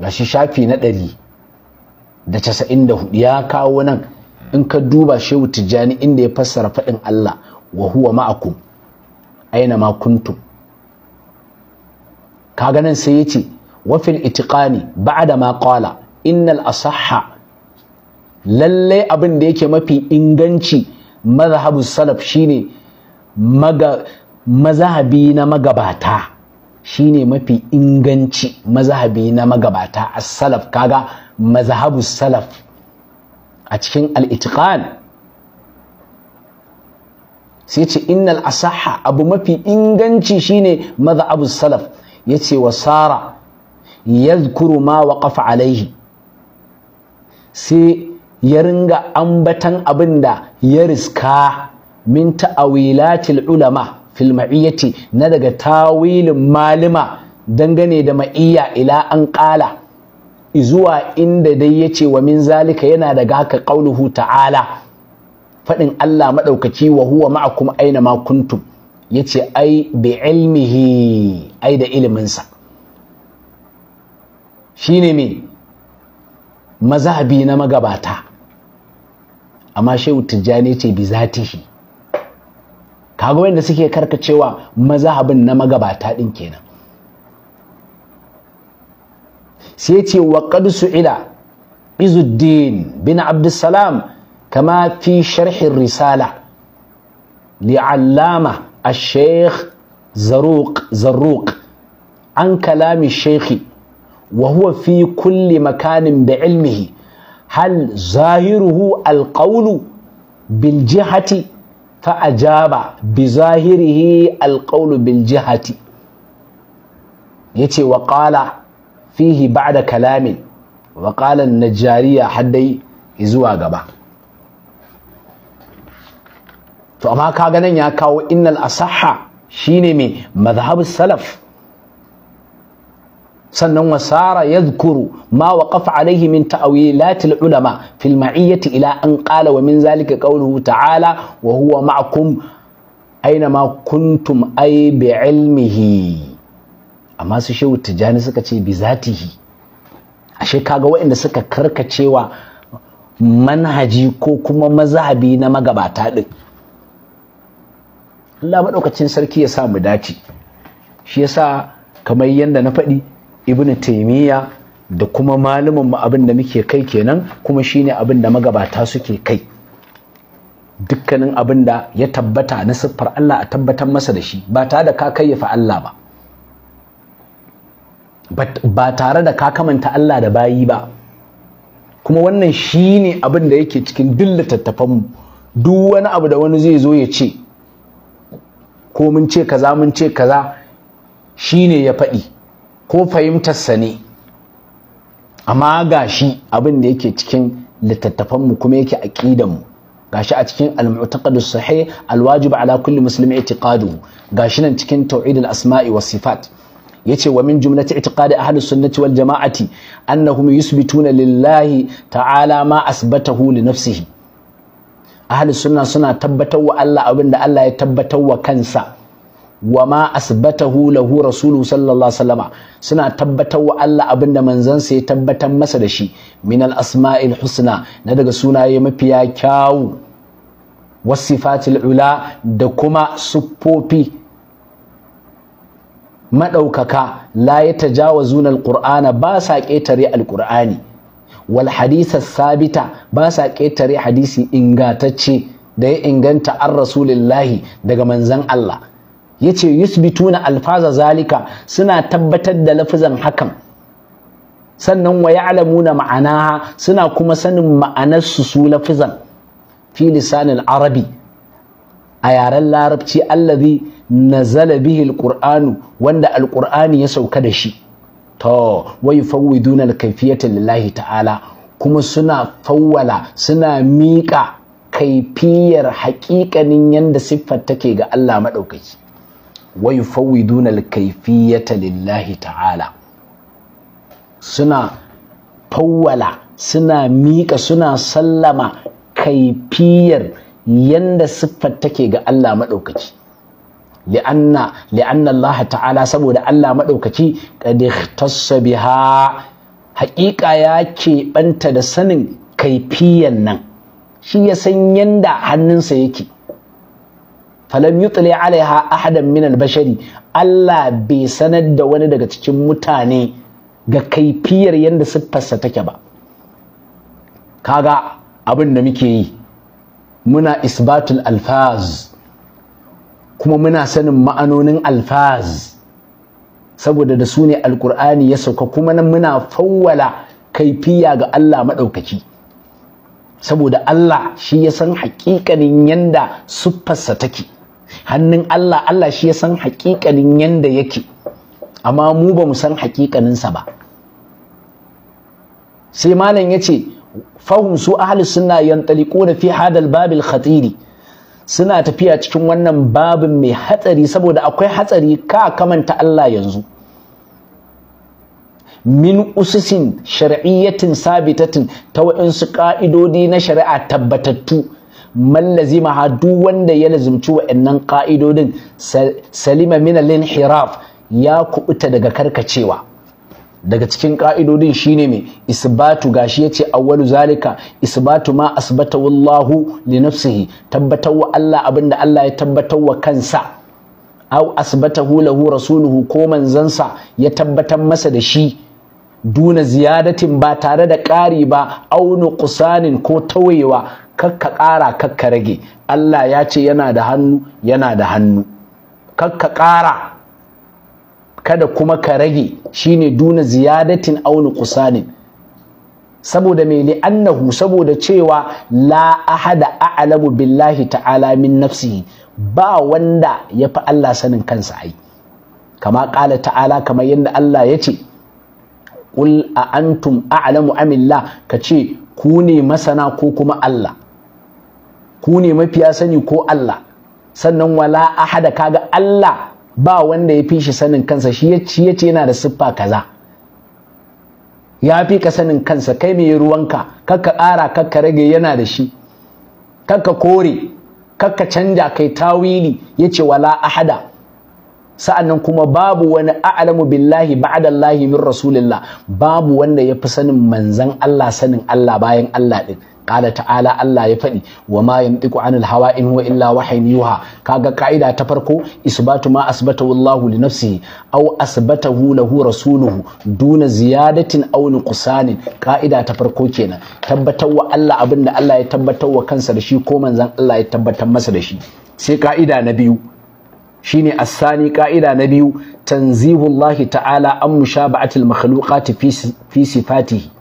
Speaker 1: gashi shafi na ɗari da casa'in da hudu ya kawo nan in ka duba shehu tijjani inda ya fassara faɗin Allah wa huwa ma'akum aina ma kuntum ka nan sai yace wa fil itiqani ba'da ma qala innal asahha Lallai abin da yake mafi inganci mazhabu salaf shine maga mazhabi na magabata shine mafi inganci mazhabi na magabata as-salaf kaga mazhabu salaf a cikin al-itqan sai ce innal asaha abu mafi inganci shine mazhabu salaf yace wasara yadhkuru ma waqafa alaihi sai ya ringa ambatan abin da ya riska min ta'awilatil ulama fil ma'iyyati na daga tawilin malima dangane da ma'iyya ila an ƙala zuwa inda dai ya ce wa min zalika yana daga haka ƙauluhu ta'ala faɗin Allah maɗaukaki wa huwa ma'akum aina ma kuntum ya ce ai bi ilmihi ai da iliminsa shi ne me mazhabi na magabata amma shehu tijjani ce bi zatihi kaga wanda suke karkacewa mazahabin na magabata din kenan sai ce wa qad su'ila izuddin bin abdussalam kama fi sharhi risala li'allama الشيخ زروق زروق عن كلام الشيخ وهو في كل مكان بعلمه hal zahiruhu alƙaunu biljihati ta ajaba bi zahirihi alƙaunu bil jihati yace wa qala fihi ba'da kalamin wa qala an-najariya haddai zuwa gaba to amma kaga nan ya kawo innal asahha shine mai mazhabus salaf sannan wasara zukuru ma wa waqafa alaihi min latin ulama fil ila an qala wa min zalika qawluhu ta'ala wa huwa ma'akum aina ma kuntum ai bi ilmihi amma su shehu tijani suka ce bi zatihi ashe kaga waɗanda suka karkacewa manhaji ko kuma mazhabi na magabata ɗin? Allah maɗaukacin sarki ya sa mu dace shi yasa kamar yadda na faɗi ibn taimiyya da kuma malumin mu abin da muke kai kenan kuma shine abin da magabata suke kai dukkanin abin da ya tabbata na siffar Allah a tabbatar masa da shi ba tare da ka kayyafa Allah ba ba tare da ka kamanta Allah da bayi ba kuma wannan shine abin da yake cikin duk mu duk wani abu da wani zai zo ya ce ko mun ce kaza mun ce kaza ne ya faɗi ko fahimtarsa ne amma ga shi abin da yake cikin littattafanmu kuma yake aƙidanmu ga shi a cikin al-mu'taqad sahih al-wajib ala kulli muslim i'tiqaduhu ga shi nan cikin tauhid al-asma'i was sifat yace wa min jumlati i'tiqadi ahli sunnati wal jama'ati annahum yusbituna lillahi ta'ala ma asbatahu li nafsihi ahli sunna suna tabbatar wa Allah abin da Allah ya tabbatar wa kansa Wama ma asbatahu lahu rasulu sallallahu alaihi wasallam suna tabbatar wa Allah abinda manzon sa ya tabbatar masa da shi min al asma'il husna na daga sunaye mafiya kyawu wasifatil ula da kuma suffofi madaukaka la yatajawazuna al qur'ana ba sa ketare al qur'ani wal sabita ba sa ketare hadisi ingatacce da ya inganta an rasulillahi daga manzon Allah yace yusbituna alfaza zalika suna tabbatar da lafazan hakan sannan wa ya'lamuna ma'anaha suna kuma sanin ma'anar su su lafazan fi lisanil arabi a yaren larabci allazi nazala bihi alqur'anu wanda alqur'ani ya sauka da shi to wai fawwiduna alkayfiyata lillahi ta'ala kuma suna fawwala suna miƙa kaifiyar haƙiƙanin yadda siffar take ga Allah maɗaukaki wa yufawwiduna al-kayfiyata lillahi ta'ala suna fawwala suna miƙa suna sallama kaifiyar yanda siffar take ga Allah maɗaukaci li'anna li'anna Allah ta'ala saboda Allah maɗaukaci qad ikhtassa biha haƙiƙa ya keɓanta da sanin kaifiyan nan shi ya san yanda hannunsa yake falam yutle alaiha ahadan min albashari Allah bai sanar da wani daga cikin mutane ga kaifiyar yadda siffarsa take ba kaga abin da muke yi muna isbatul alfaz kuma muna sanin ma'anonin alfaz saboda da su ne alkur'ani ya sauka kuma nan muna fawwala kaifiya ga Allah maɗaukaki saboda Allah shi ya san haƙiƙanin yanda siffarsa take hannun Allah Allah shi ya san haƙiƙanin yanda yake amma mu ba mu san haƙiƙaninsa ba sai malam ya ce fahim su ahli suna yantaliquna fi hadal babil khatiri suna tafiya cikin wannan babin mai hatsari saboda akwai hatsari ka kamanta Allah yanzu min ususin shar'iyyatin sabitatin ta waɗansu ƙa'idodi na shari'a tabbatattu mallazima ha duk wanda ya lazimci wa'annan ƙa'idodin salima min al-inhiraf ya kubuta daga karkacewa daga cikin ƙa'idodin shine mai isbatu gashi yace awwalu zalika isbatu ma asbata wallahu li nafsihi tabbatar wa Allah abinda Allah ya tabbatar wa kansa aw asbatahu lahu rasuluhu ko manzansa ya tabbatar masa da shi duna ziyadatin ba tare da ƙari ba aunu nuqsanin ko tawayewa kakka ƙara kakka rage Allah ya ce yana da hannu yana da hannu kakka ƙara kada kuma ka rage shine duna ziyadatin auni kusanin saboda mai li'annahu saboda cewa la ahada a'lamu billahi ta'ala min nafsihi ba wanda ya fi Allah sanin kansa ai kama ƙala ta'ala kamar yadda Allah ya ce ƙul a antum a'lamu amillah ka ce ku ne masana ko kuma Allah ku ne mafiya sani ko Allah sannan wala ahada kaga Allah ba wanda ya fi shi sanin kansa shi ya ce yana da siffa kaza ya fi ka sanin kansa kai mai ruwanka kakka ƙara kakka rage yana da shi kakka kore kakka canja kai tawili ya ce wala ahada sa'annan kuma babu wani a'lamu billahi ba'da Allahi min rasulillah babu wanda ya fi sanin manzan Allah sanin Allah bayan Allah din qala ta'ala Allah ya faɗi wa ma yantiqu anil hawa in huwa illa wahyin yuha kaga ƙa'ida ta farko isbatu ma asbatahu Allah li nafsihi aw asbatahu lahu rasuluhu duna ziyadatin aunin kusanin. Ƙa'ida ta farko kenan tabbatar wa Allah abinda Allah ya tabbatar wa kansa da shi ko manzan Allah ya tabbatar masa da shi sai ƙa'ida na biyu shine asani ƙa'ida na biyu tanzihullahi ta'ala an mushaba'atil makhluqati fi sifatihi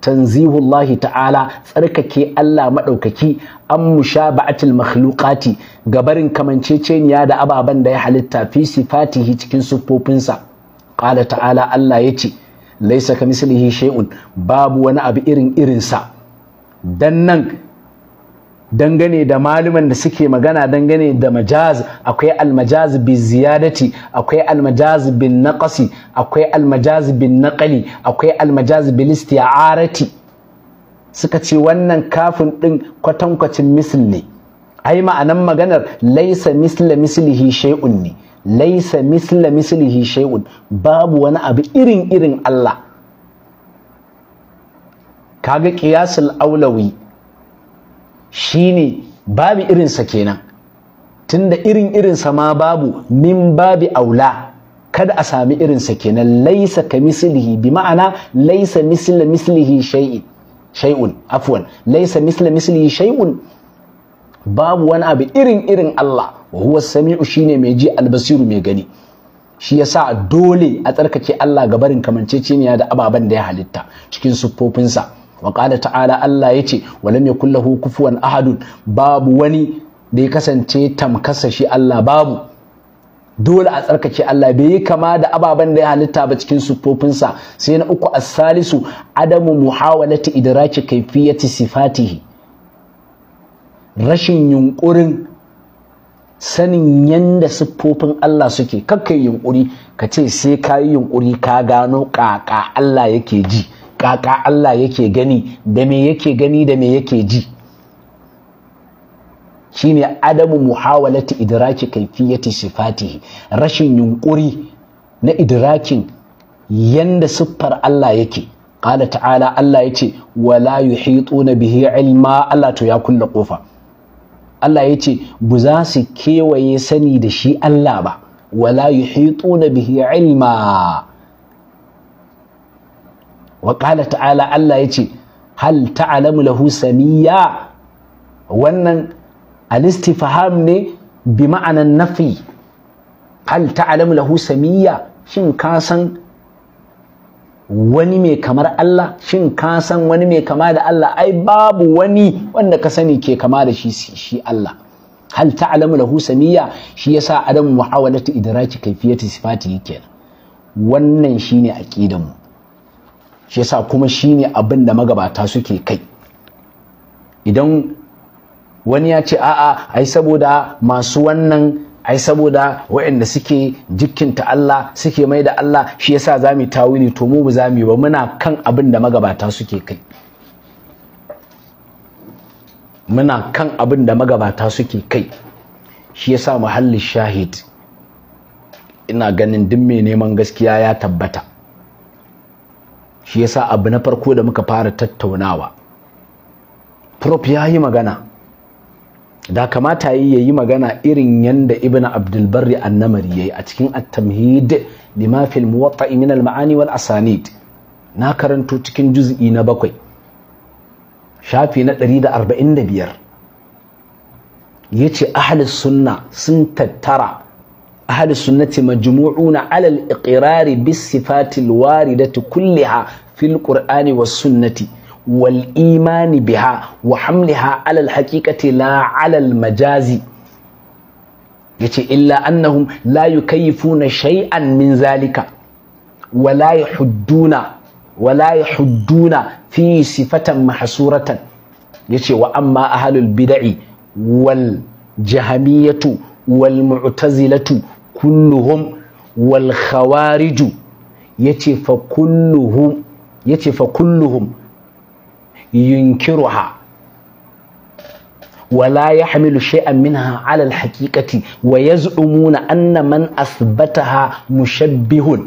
Speaker 1: tanzihullahi ta'ala tsarkake Allah maɗaukaki an mushaba'atil makhluqati gabarin kamanceceniya da ababen da ya halitta fi sifatihi cikin siffofinsa qala ta'ala Allah yace laisa ka mislihi shay'un babu wani abu irin irinsa dan nan dangane da maluman da suke magana dangane da majaz akwai almajaz bi ziyadati akwai almajaz bin naqasi akwai almajaz bin naqali akwai almajaz bil isti'arati suka ce wannan kafin din kwatankwacin misl ne ai ma'anan maganar laisa misla mislihi shay'un ne laisa misla mislihi shay'un babu wani abu irin irin Allah kaga qiyasul aulawi shine babu irinsa kenan tunda irin irinsa ma babu min babi aula kada a sami irinsa kenan laisa ka mislihi bi ma'ana laisa misla mislihi shay'in shay'un laisa misla mislihi shay'un babu wani abu irin irin Allah wa huwa sami'u shine mai ji albasiru mai gani shi yasa dole a tsarkake Allah ga barin kamanceceniya da ababen da ya halitta cikin siffofinsa wa qala ta'ala Allah ya ce walam ya lahu kufuwan ahadun babu wani da ya kasance tamkasa shi Allah babu dole a tsarkake Allah bai yi kama da ababen da ya halitta ba cikin siffofinsa sai na uku as-salisu adamu muhawalati idraki kayfiyati sifatihi rashin yunkurin sanin yanda siffofin Allah suke kakkai yunkuri ka ce sai ka yi yunkuri ka gano kaka Allah yake ji kaka Allah yake gani da me yake gani da me yake ji shine adamu muhawalati idraki kaifiyati sifati rashin yunkuri na idrakin yanda siffar Allah yake qala ta'ala Allah yace wala yuhituna bihi ilma Allah to ya kulle kofa Allah yace bu za su kewaye sani da shi Allah ba wala yuhituna bihi ilma wa ƙala ta'ala Allah ya ce hal ta'alamu lahu samiya wannan alistifham ne bi ma'anan nafi hal ta'alamu lahu samiya shin ka san wani mai kamar Allah shin ka san wani mai kama da Allah ai babu wani wanda ka sani ke kama da shi shi Allah hal ta'alamu lahu samiyya shi yasa adam muhawalatu idraki kayfiyati sifati yake wannan shine aqidan mu shi yasa kuma shine abin da magabata suke kai idan wani ya ce a'a ai saboda masu wannan ai saboda waɗanda suke ta Allah suke mai da Allah shi yasa za mu tawili to mu za mu ba muna kan abin da magabata suke kai muna kan abin da magabata suke kai shi yasa muhallin shahid ina ganin duk mai neman gaskiya ya tabbata shi yasa abu na farko da muka fara tattaunawa prof ya yi magana da kamata yi ya yi magana irin yanda ibn abdulbarri annamari ya yi a cikin at-tamhid lima fil muwatta'i min al-ma'ani wal asanid na karanto cikin juz'i na bakwai shafi na 145 yace ahlus sunna sun tattara أهل السنة مجموعون على الإقرار بالصفات الواردة كلها في القرآن والسنة والإيمان بها وحملها على الحقيقة لا على المجاز يتي إلا أنهم لا يكيفون شيئا من ذلك ولا يحدون ولا يحدون في صفة محصورة يتي وأما أهل البدع والجهمية والمعتزلة كلهم والخوارج khawariju كلهم fa كلهم ينكرها ولا يحمل شيئا منها على الحقيقة ويزعمون أن من أثبتها مشبه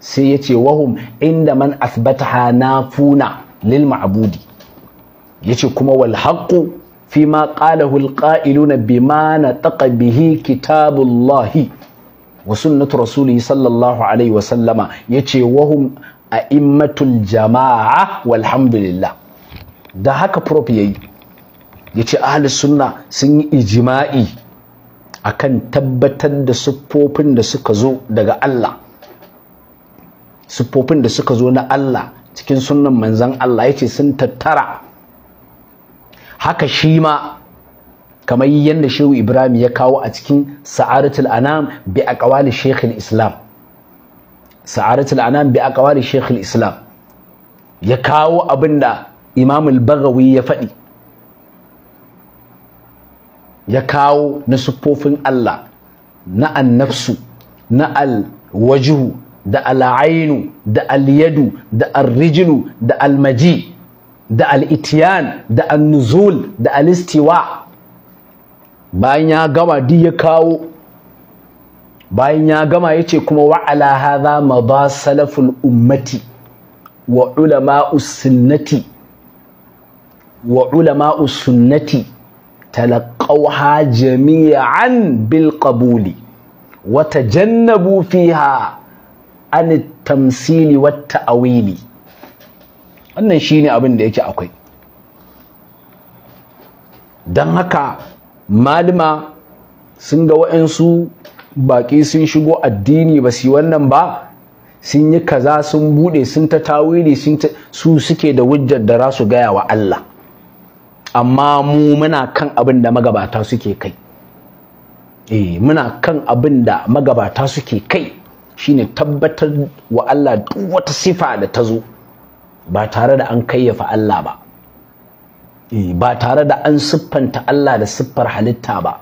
Speaker 1: سيتي وهم عند من أثبتها نافون للمعبود يتي كما والحق فيما قاله القائلون بما نطق به كتاب الله wa sunnatu rasulihi sallallahu alaihi wa sallama yace wahum a'immatul jama'a walhamdulillah da haka prof yayi yace ahlus sunna sun yi ijma'i akan tabbatar da siffofin da suka zo daga Allah siffofin da suka zo na Allah cikin sunnan manzon Allah yace sun tattara haka shi ma kamar yadda shehu ibrahim ya kawo a cikin sa'aratul anam bi aqwali islam sa'aratul anam bi islam ya kawo abinda imam al-baghawi ya faɗi ya kawo na siffofin Allah na annafsu na al-wajhu da al-ainu da al-yadu da ar da al-maji da al-ityan da an-nuzul da al-istiwa' bayan ya gama di ya kawo bayan ya gama ya ce kuma wa'ala ma ba salaful ummati wa ulama'u sunnati wa ulama'u sunnati talaqawha jami'an bil qabuli wa tajannabu fiha an tamsili wa ta'awili wannan shine abin da yake akwai dan haka Malima sun ga wa'ansu baƙi sun shigo addini ba su wannan ba sun yi kaza sun buɗe sun ta tawili su suke da wujjar da rasu gaya wa Allah amma mu muna kan abin da magabata suke kai eh muna kan abin da magabata suke kai shine tabbatar wa Allah duk wata sifa da ta zo ba tare da an kayyafa Allah ba Eh, ba tare da an siffanta Allah da siffar halitta ba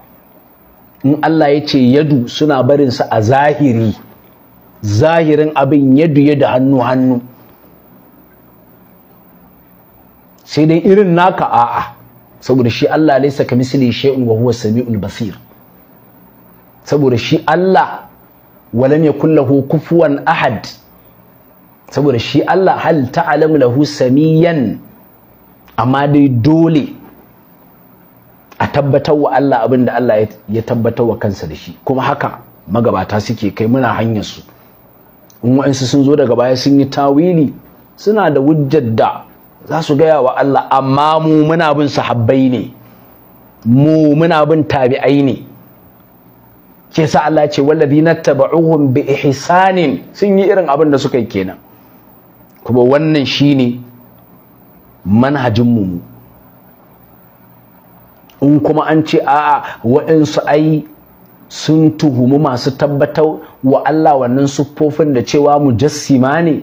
Speaker 1: in Allah ya ce yadu suna barin barinsa a zahiri zahirin abin yadu yadu hannu hannu sai dai irin naka a'a saboda shi Allah laisa ka misli shay'un wa huwa samiul basir saboda shi Allah walam yakul lahu kufuwan ahad saboda shi Allah hal ta'lamu lahu samiyan amma dai dole a tabbatar wa Allah abin da Allah ya tabbatar wa kansa da shi kuma haka magabata suke kai muna hanyar su in wa'ansu sun zo daga baya sun yi tawili suna da wujjar da za su gaya wa Allah amma mu muna bin sahabbai ne mu muna bin tabi'ai ne ke sa Allah ce na taba'uhum bi ihsanin sun yi irin abin da suka yi kenan kuma wannan shine manhajin mu in kuma an ce a'a waɗansu ai sun tuhumi masu tabbatar wa Allah wannan siffofin da cewa mu mujassima ne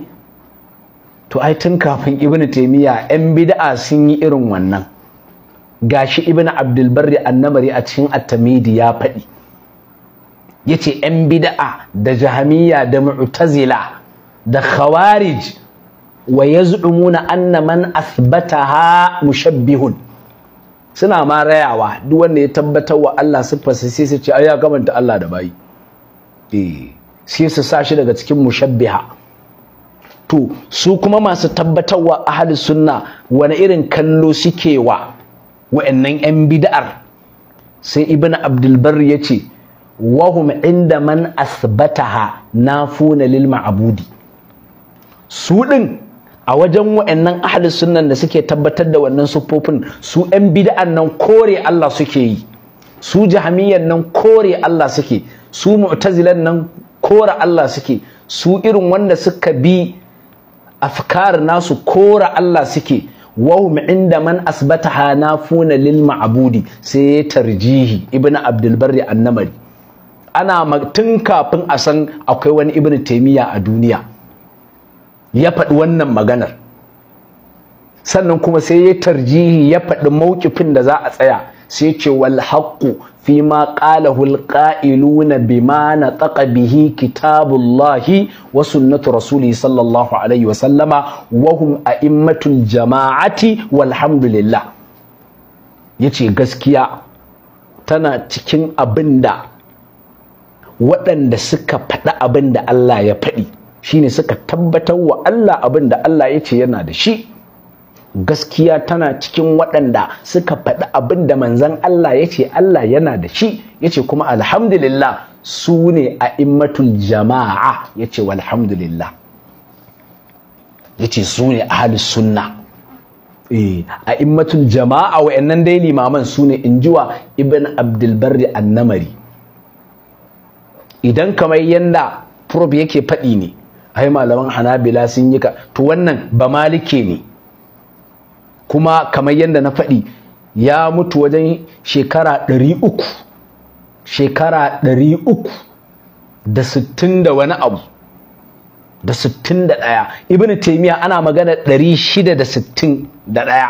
Speaker 1: to ai tun kafin ibn taimiyya yan bid'a sun yi irin wannan gashi ibn abdulbarri annamari a cikin attamidi ya faɗi Ya yace yan bid'a da jahamiyya da mu'tazila da khawarij wa yaz'umuna anna man athbataha mushabbihun suna ma rayawa duk wanda ya tabbatar wa Allah siffarsa sai su ce ai ya gamanta Allah da bayi eh sai su sa shi daga cikin mushabbiha to su kuma masu tabbatar wa ahli sunna wani irin kallo suke wa wa'annan yan bid'ar sai ibn abdul bar yace wahum inda man asbataha nafuna lil ma'budi su din a wajen wa'annan ahli sunnan da suke tabbatar da wannan siffofin su yan bid'an nan kore Allah suke yi su jahamiyyan nan kore Allah suke su mu'tazilan nan kora Allah suke su irin wanda suka bi afkar nasu kora Allah suke wahum inda man asbataha funa lil ma'budi sai ya tarjihi ibnu abdul barri annamari ana tun kafin a san akwai wani ibnu taymiya a duniya ya faɗi wannan maganar sannan kuma sai ya tarjihi ya faɗi mawkifin da za a tsaya sai ce wal haqqu fi ma qalahu al qailuna bima nataqa bihi kitabullahi wa sunnatu rasuli sallallahu alaihi wa sallama wa hum a'immatul jama'ati walhamdulillah yace gaskiya tana cikin abinda waɗanda suka faɗi abin da Allah ya faɗi shine suka tabbatar wa Allah abin da Allah ya ce yana da shi gaskiya tana cikin waɗanda suka faɗi abin da manzan Allah ya ce Allah yana da shi ya ce kuma alhamdulillah su ne a immatul jama'a ya ce walhamdulillah ya ce su ne sunna eh, a immatul jama'a wa'annan dai limaman su ne injiwa ibn abdulbarri annamari idan kamar yanda prob yake faɗi ne ai malaman hanabila sun yi ka to wannan ba malike ne kuma kamar yadda na faɗi ya mutu wajen shekara ɗari uku shekara ɗari uku da sittin da wani abu da sittin da ɗaya ibn taimiya ana magana ɗari shida da sittin da ɗaya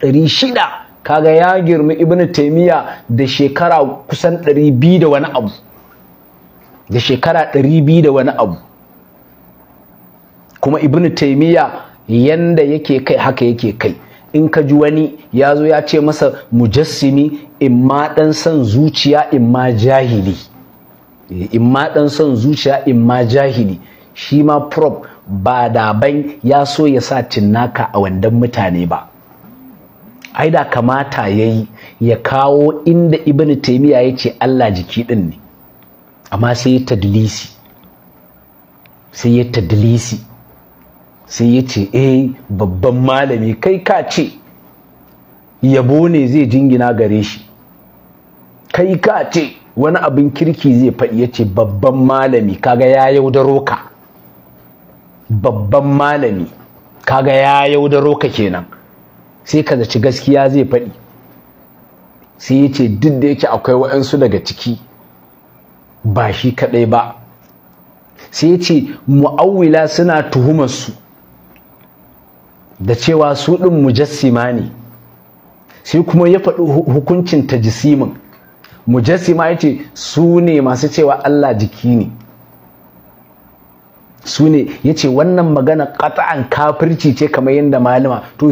Speaker 1: ɗari shida kaga ya girmi ibn taimiya da shekara kusan ɗari biyu da wani abu da shekara ɗari biyu da wani abu kuma ibnu taimiyya yanda yake kai haka yake kai in ka ji wani ya zo ya ce masa mujassimi in ma dan son zuciya in ma jahili eh, in ma dan son zuciya in ma jahili shi ma prop ba daban ya so ya sa cinnaka a wandan mutane ba ai da kamata ya yi ya kawo inda ibnu taimiyya ya ce allah jiki ɗin ne amma sai ya tadlisi sai ya tadlisi sai ya ce eh babban malami kai ka ce yabo ne zai jingina gare shi kai ka ce wani abin kirki zai faɗi ya ce babban malami kaga ya yaudaro ka babban malami kaga ya yaudaro ka kenan sai ka zaci gaskiya zai faɗi sai ya ce duk da yake akwai waɗansu daga ciki ba shi kaɗai ba sai ya ce mu'awwila suna tuhumarsu da cewa su ɗin mujassima ne sai kuma ya faɗi hukuncin ta jisimin mujassima ya ce su ne masu cewa Allah jiki ne su ne ya ce wannan magana ƙata'an kafirci ce kamar yadda malama to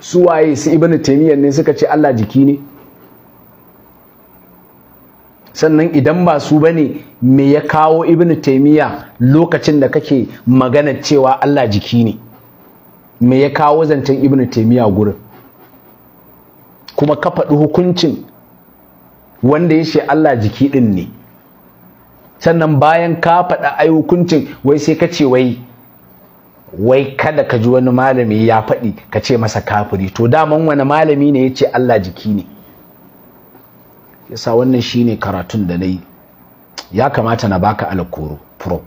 Speaker 1: su waye su ibnu taimiyyar ne suka ce Allah jiki ne sannan idan ba su ba ne me ya kawo ibnu taimiyya lokacin da kake magana cewa Allah jiki ne me ya kawo zancen ibnu taimiya gurin kuma ka faɗi hukuncin wanda ya ce Allah jiki ɗin ne sannan bayan ka faɗa ai hukuncin wai sai ka ce wai wai kada ka ji wani malami ya faɗi ka ce masa kafiri to daman wani malami ne ya ce Allah jiki ne yasa wannan shine karatun da na yi ya kamata na baka alkoro pro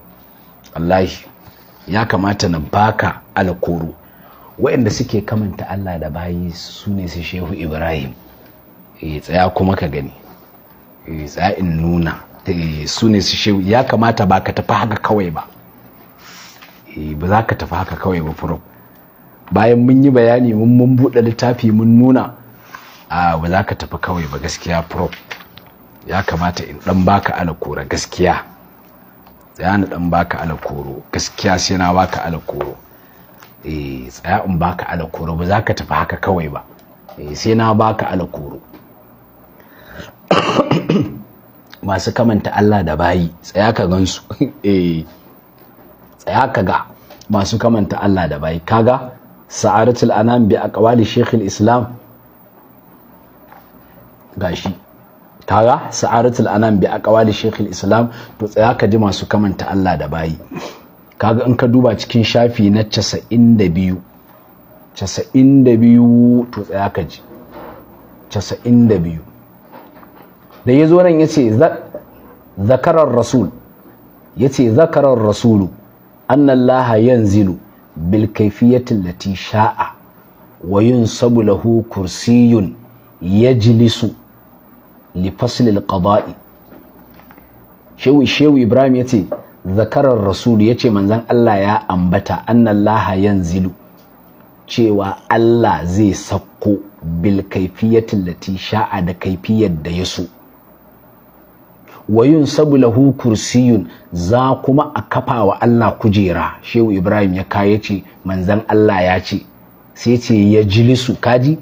Speaker 1: wallahi ya kamata na baka alkoro waɗanda suke kamanta Allah da bayi su ne su shehu ibrahim eh, tsaya kuma ka gani eh, tsaya in nuna eh, su ne su shehu ya kamata ba ka tafi haka kawai ba ba za ka tafi haka kawai ba furo bayan mun yi bayani mun mun buɗe littafi mun nuna a ba za ka tafi kawai ba gaskiya furo ya kamata in ɗan baka alakora gaskiya tsaya na ɗan baka alakoro gaskiya sai na baka alakoro Eh, tsaya in baka alakoro ba za ka tafi haka kawai ba eh, sai na baka alakoro masu kamanta Allah da bayi tsaya ka gansu eh, tsaya ka ga masu kamanta Allah da bayi kaga sa'aratul anam bi aqwali shaykhul islam gashi kaga sa'aratul anam bi aqwali shaykhul islam to tsaya ka ji masu kamanta Allah da bayi kaga in ka duba cikin shafi na 92 92 to tsaya ka ji 92 da ya zo nan ya ce zakarar rasul ya ce zakarar rasulu annallaha yanzilu bil kaifiyatin lati sha'a wa yunsabu lahu kursiyun yajlisu li faslil qada'i shehu ibrahim ya ce zakarar rasul ya ce manzan Allah ya ambata yan zilu. cewa Allah zai sakko bil kaifiyatin lati sha'a da kaifiyar da ya so wayun sabu lahu kursiyun za kuma a kafa wa Allah kujera shehu ibrahim ya kaya ce manzan Allah ya ce sai ce ya jilisu kaji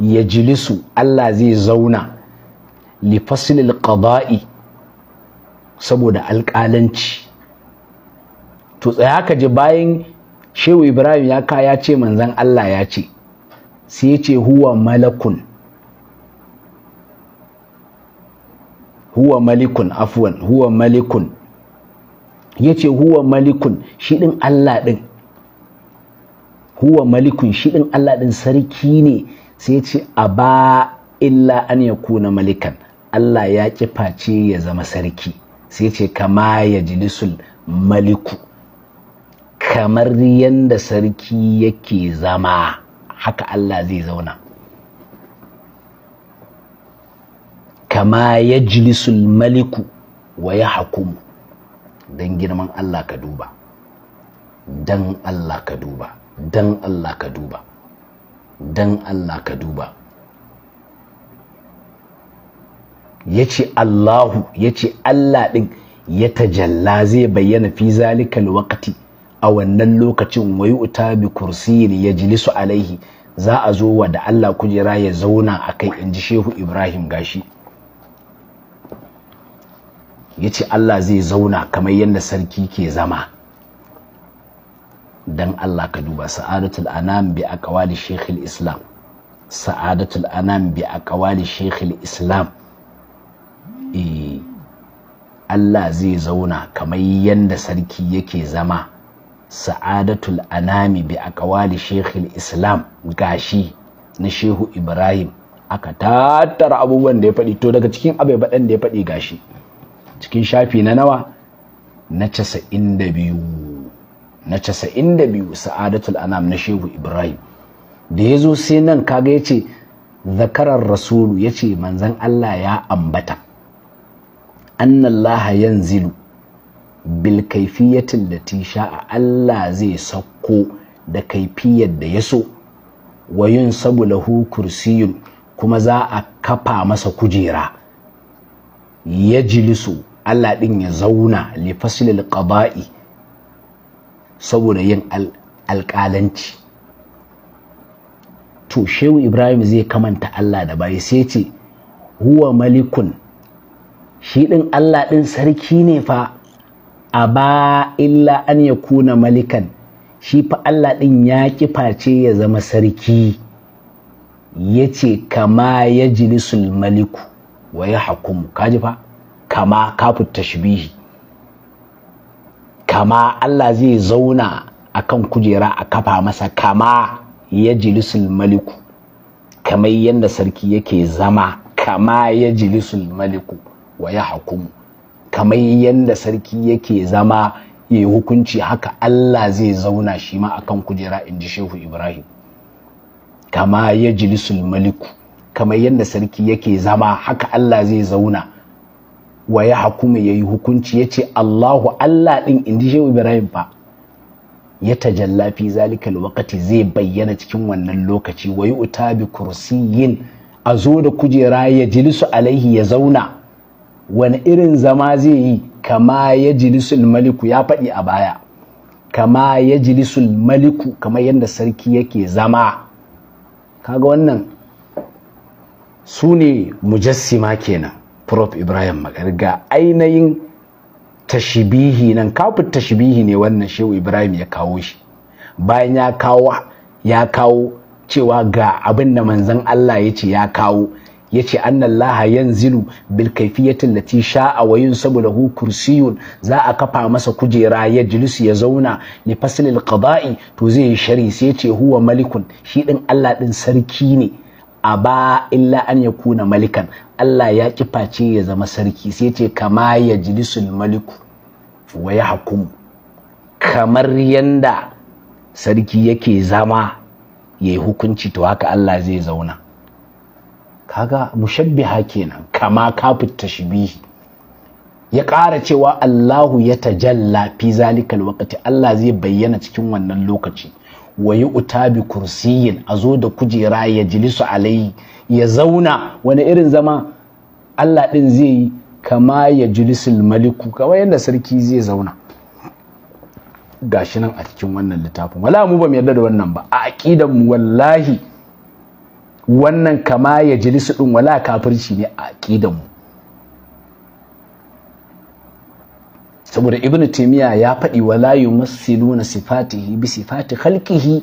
Speaker 1: ya jilisu Allah zai zauna li fasilil qada'i saboda alƙalanci to tsaya ka ji bayan shehu ibrahim ya ka ya ce manzan allah ya ce sai ya ce huwa malakun huwa malikun afwan huwa malikun ya ce huwa malikun shi ɗin allah ɗin huwa malikun shi ɗin allah ɗin sarki ne sai ya ce a ba illa an ya kuna malikan allah ya ƙi face ya zama sarki sai ce kama ya jilisul maliku kamar yadda sarki yake zama haka Allah zai zauna kama ya jilisul maliku wa ya hakumu don girman Allah ka duba don Allah ka duba don Allah ka duba don Allah ka duba yace Allahu ya Allah ɗin ya tajalla zai bayyana fi zalikal wakati. a wannan lokacin wai uta bi kursiyin ya jilisu alaihi za a zo wa da Allah kujera ya zauna a kai in ji shehu ibrahim gashi ya ce Allah zai zauna kamar yadda sarki ke zama dan Allah ka duba sa'adatul anam bi aqwali shaykhul islam sa'adatul anam bi aqwali islam eh Allah zai zauna kamar yadda sarki yake zama sa'adatul anami bi aqwali shekul islam gashi na shehu ibrahim aka tattara abubuwan da ya faɗi to daga cikin abai baɗan da ya faɗi gashi cikin shafi na nawa na casa'in da biyu na casa'in da biyu sa'adatul anam na shehu ibrahim da ya zo sai nan kaga ya ce zakarar rasulu ya ce manzan allah ya ambata annallaha yanzilu bilkaifiyatin da a Allah zai sakko da kaifiyar da ya so wayun sabu lahu kursiyun kuma za a kafa masa kujera ya jilisu Allah ɗin ya zauna lifasilil qaba'i saboda yin alƙalanci to shehu ibrahim zai kamanta Allah da bai sai ce huwa malikun shi ɗin Allah ɗin sarki ne fa A ba illa an ya kuna malikan shi fa Allah ɗin ya kiface ya zama sarki ya ce kama ya jilisul maliku wa ya hakumu kaji fa kama kafin tashbihi kama Allah zai zauna a kan kujera a kafa masa kama ya jilisul maliku kamar yadda sarki yake zama kama ya jilisul maliku wa ya hakumu kamar yadda sarki yake zama ya hukunci haka Allah zai zauna shi ma akan kujera in ji shehu Ibrahim kama ya jilisul maliku kamar yadda sarki yake zama haka Allah zai zauna wa ya hakuma ya yi hukunci ya ce Allahu Allah ɗin in ji shehu Ibrahim fa ya tajalla fi zalika lokaci zai bayyana cikin wannan lokaci wa yu'ta bi kursiyin a zo da kujera ya jilisu alaihi ya zauna wani irin zama zai yi kama ya jilisul maliku ya faɗi a baya kama ya jilisul maliku kamar yadda sarki yake zama kaga wannan su ne mujassima kenan prof ibrahim magarga ainihin tashibihi nan kafin tashibihi ne wannan shehu ibrahim ya kawo shi bayan ya kawo cewa ga abin da manzon allah ya ce ya kawo yace annallaha yanzilu bil kayfiyati lati sha'a wa yunsabu lahu kursiyun za a kafa masa kujera ya jilisu ya zauna li faslil qada'i to zai yi shari sai yace huwa malikun shi din Allah din sarki ne a ba illa an ya kuna malikan Allah ya kiface ya zama sarki sai yace kama ya jilisul maliku wa ya hukum kamar yanda sarki yake zama yayi hukunci to haka Allah zai zauna kaga mushabbiha kenan kama shi tashbihi ya ƙara cewa Allahu ya tajalla fi zalikal waqti Allah zai bayyana cikin wannan lokaci wayi utabi kursiyin a azo da kujera ya jilisu alai ya zauna wani irin zama Allah din zai yi kama ya jilisul maliku kamar yadda sarki zai zauna gashi nan a cikin wannan littafin wala mu ba mu yarda da wannan ba a aqidan mu wallahi wannan kama ya su ɗin wala kafirci ne a ƙidanmu saboda Ibn taimiya ya faɗi wala yumassiluna sifatihi bi sifati halkihi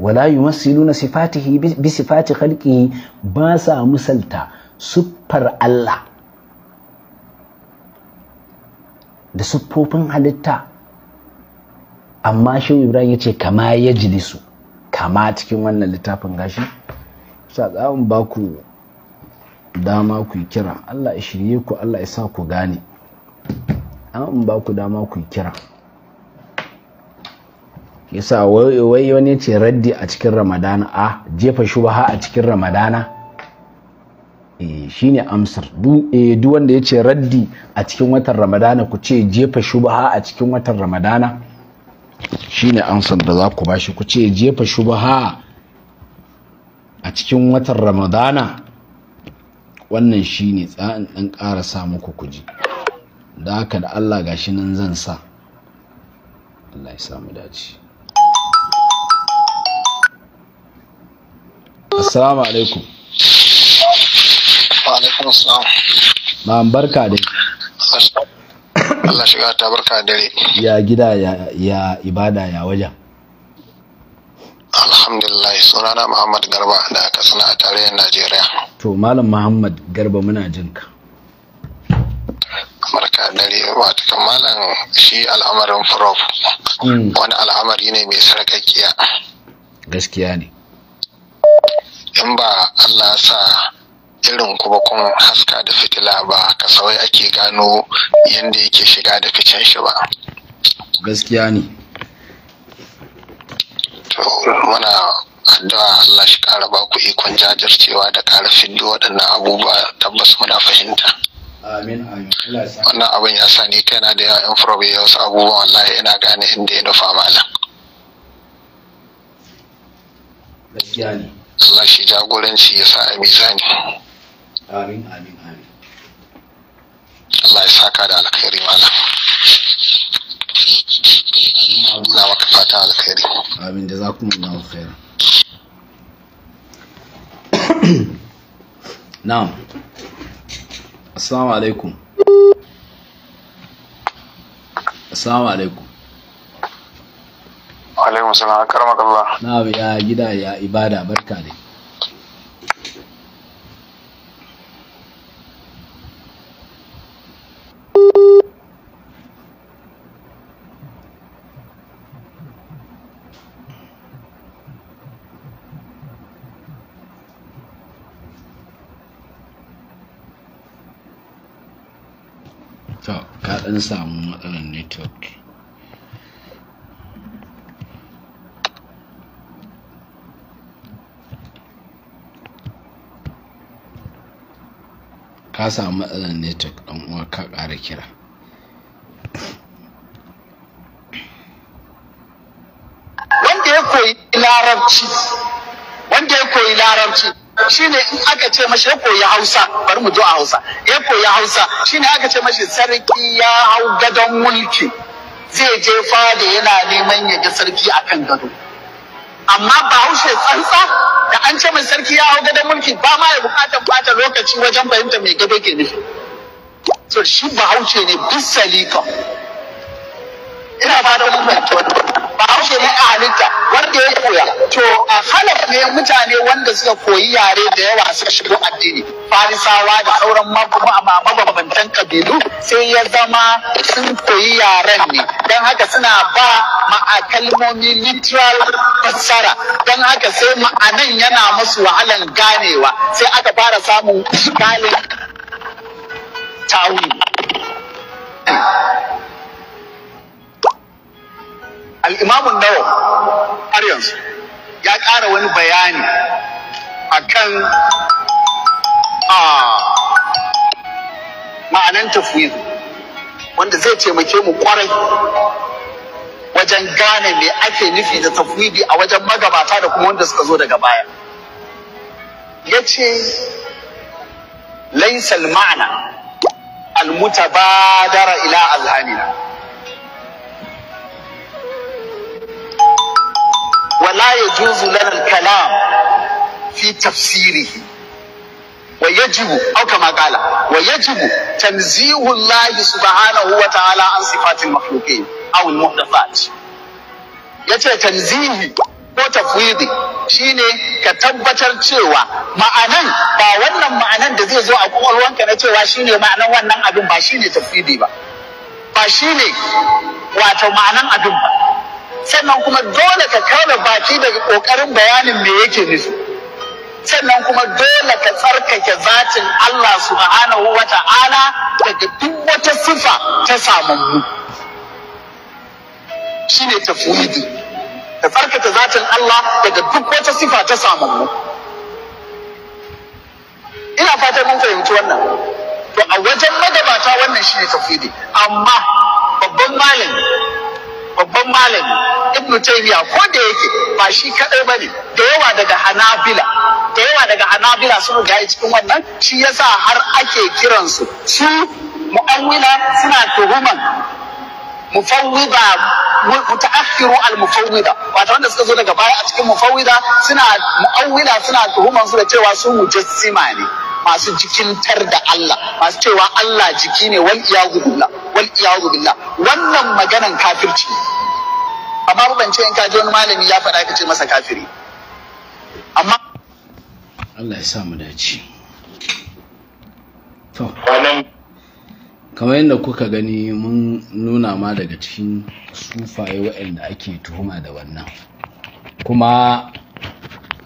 Speaker 1: wala yumassiluna sifatihi bi sifati halkihi ba sa musalta Allah da siffofin halitta amma shi ibrahim ya ce kama ya jilisu kama cikin wannan littafin gashi sa tsawon ba ku dama ku yi kira Allah ya shirye ku Allah ya sa ku gane an ba ku dama ku yi kira yasa wai wani ce raddi a cikin ramadana a jefa shubaha a cikin ramadana eh, shine amsar duk eh, wanda ya ce raddi a cikin watan ramadana ku ce jefa shubaha a cikin watan ramadana shine amsar da za ku bashi ku ce jefa shubaha a cikin watan ramadana wannan shine tsarin ɗan ƙara sa muku kuji da haka da allah gashi nan zan sa allah ya samu dace assalamu alaikum barka dai.
Speaker 3: Allah shiga ta barka dare
Speaker 1: ya gida ya ya ibada ya wajen
Speaker 3: alhamdulillah sunana muhammad garba da aka suna a tarayyar najeriya
Speaker 1: to malam muhammad garba muna jin ka
Speaker 3: barka dare wata kamalan shi al'amarin prof hmm. wani al'amari ne mai sarkakkiya gaskiya ne in ba allah sa irin kuma kun haska da fitila ba kasawai ake gano yadda yake shiga da ficen shi ba gaskiya ne to muna addu'a Allah shi kara ba ku ikon jajircewa da kara fiddo waɗannan abubuwa tabbas muna fahimta wannan abin ya sa ni kaina da yawa in furobe ya wasu abubuwan wallahi ina gane inda ya nufa malam Allah shi jagoranci ya sa a mizani amin amin amin Allah ya saka da alkhairi malam Allah maka fata alkhairi
Speaker 1: amin da za ku nuna alkhairi na'am assalamu alaikum assalamu alaikum
Speaker 3: alaikum salam karamakallah
Speaker 1: na ya gida ya ibada barka dai ka ɗan samu matsalar network ka samu matsalar network ɗan uwa ka ƙara kira
Speaker 2: wanda ya koyi larabci wanda ya koyi larabci shine in aka ce mashi ya koyi Hausa bari mu zo a Hausa ya koyi Hausa shine aka ce mashi sarki ya hau gadon mulki zai je fada yana neman ya ga sarki akan gado amma ba haushe tsantsa da an ce mai sarki ya hau gadon mulki ba ma ya bukatan bata lokaci wajen fahimta mai gado ke nufi to shi haushe ne bisa likon. ina ba da wannan ba a ne a wanda ya koya to a halaf ne mutane wanda suka koyi yare da yawa suka shigo addini farisawa da sauran mabambantan kabilu sai ya zama sun koyi yaren ne don haka suna ba ma'a kalmomi literal fassara don haka sai ma'anan yana masu wahalan ganewa sai aka fara samun galin al'imamun nawa har yanzu ya ƙara wani bayani akan a ma'anan tafwid wanda zai taimake mu kwarai wajen gane me ake nufi da tafwidi a wajen magabata da kuma wanda suka zo daga baya ya ce laisal ma'ana almutabadara ila alhamina فلا يجوز لنا الكلام في تفسيره ويجب أو كما قال ويجب تنزيه الله سبحانه وتعالى عن صفات المخلوقين أو المحدثات yace tanzihi ko tafwidi shine ka tabbatar cewa ma'anan ba wannan ma'anan da zai zo a kwakwalwanka na cewa shine ma'anan wannan abin ba shine tafwidi ba ba shine wato ma'anan abin ba sannan kuma dole ka kauna baki daga kokarin bayanin me yake nufi sannan kuma dole ka tsarkake zatin Allah subhanahu wa ta'ala daga duk wata sifa ta samammu shine tafwidi ka tsarkake zatin Allah daga duk wata sifa ta samammu ina fatan mun fahimci wannan to a wajen magabata wannan shine tafwidi amma babban malami babban malami ibnu taymiya ko da yake ba shi kadai bane da yawa daga hanabila da yawa daga hanabila sun ga cikin wannan shi yasa har ake kiransu su mu'awwila suna tuhuman mufawwida mutaakhiru al mufawwida wato wanda suka zo daga baya a cikin mufawwida suna mu'awwila suna tuhuman su da cewa su mujassima ne masu jikintar da Allah masu cewa Allah jiki ne wal iyahu billah wal iyahu billah wannan maganan kafirci amma ban ce in ka ji wani malami ya faɗa ka masa kafiri amma
Speaker 1: Allah ya sa mu dace to kamar yadda kuka gani mun nuna ma daga cikin sufaye waɗanda ake tuhuma da wannan kuma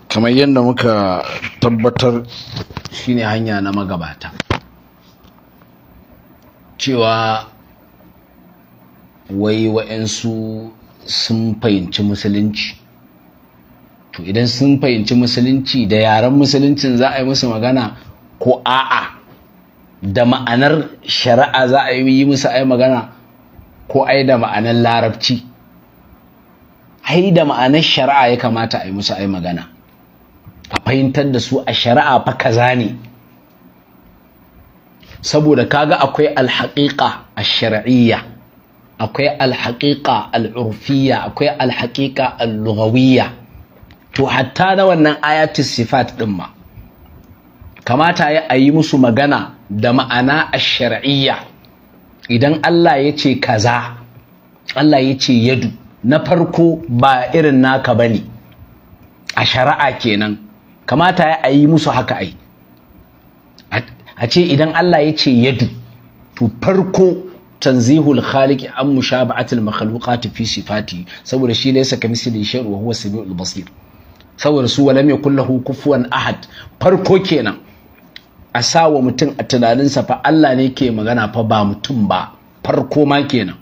Speaker 1: kamar yadda muka tabbatar shine hanya na magabata cewa wai wa'yansu sun fahimci musulunci to idan sun fahimci musulunci da yaren musuluncin za a yi musu magana ko a'a da ma'anar shari'a za a yi musu ai magana ko ai da ma'anar larabci ai da ma'anar shari'a ya kamata a yi musu ai magana a fahimtar da su a shari'a fa kaza ne saboda kaga akwai alhaƙiƙa a shariyya akwai alhaƙiƙa al'urfiyya akwai alhaƙiƙa al-lughawiyya to hatta na wannan ayatis sifat din ma kamata ya ayi musu magana da ma'ana a shariyya idan Allah ya ce kaza Allah ya ce yadu na farko ba irin naka bane a shari'a kenan kamata a yi musu haka ai a ce idan Allah ya ce yadu to farko tanzihul khaliq an mushaba'atil makhluqat fi sifati saboda shi ne laysa kamithlihi shay'un wa huwa samiul basir saboda su walam yakul lahu kufuwan ahad farko kenan a sa wa mutum a tunaninsa fa Allah ne ke magana fa ba mutum ba farko ma kenan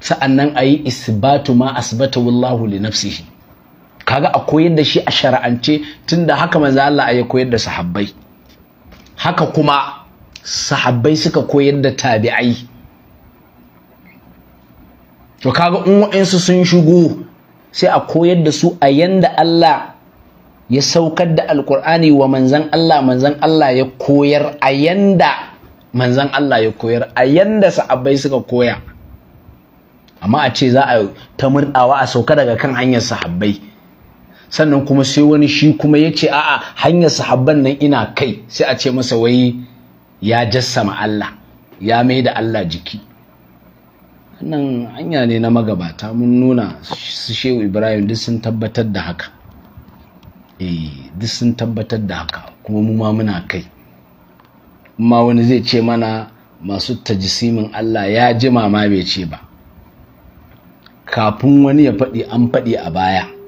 Speaker 1: sa'annan ayi isbatu ma asbata wallahu li nafsihi kaga a koyar da shi a shara'ance tunda haka manzo Allah ya koyar da sahabbai haka kuma sahabbai suka koyar da tabi'ai to kaga in waɗansu sun shigo sai a koyar da su a yanda Allah ya saukar da alkur'ani wa manzan Allah manzan Allah ya koyar a yanda manzan Allah ya koyar a yanda sahabbai suka koya amma a ce za a ta murdawa a sauka daga kan hanyar sahabbai sannan kuma sai wani shi kuma ya ce a'a hanyar sahabban nan ina kai sai a ce masa wai ya jassama Allah ya mai da Allah jiki wannan hanya ne na magabata mun nuna su shehu ibrahim duk sun tabbatar da haka eh duk sun tabbatar da haka kuma mu ma muna kai amma wani zai ce mana masu tajisimin Allah ya jima ma bai ce ba kafin wani ya faɗi an faɗi a baya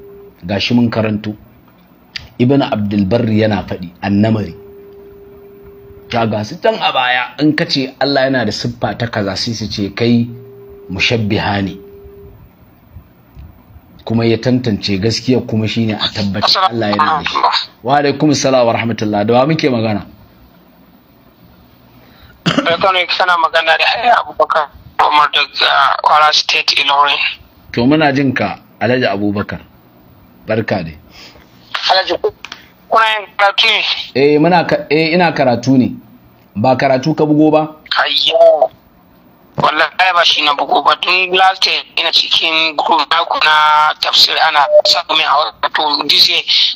Speaker 1: gashi mun karanto ibn abdulbar yana faɗi annamari ta ga su can a baya in ka ce Allah yana da siffa ta kaza sai su ce kai mushabbiha ne kuma ya tantance gaskiya kuma shine a tabbaci Allah yana da shi wa alaikum assalam wa rahmatullah da wa muke magana
Speaker 3: Rekonu sana magana da Haya Abubakar Umar daga Kwara State Ilorin.
Speaker 1: To muna jin ka Alhaji Abubakar. barka dai
Speaker 2: alhaji kuna
Speaker 1: yin karatu ne eh muna eh ina karatu ne ba karatu ka bugo ba
Speaker 3: ayyo wallahi ba shi na bugo ba tun last year ina cikin group na kuna tafsir ana saka min a wato this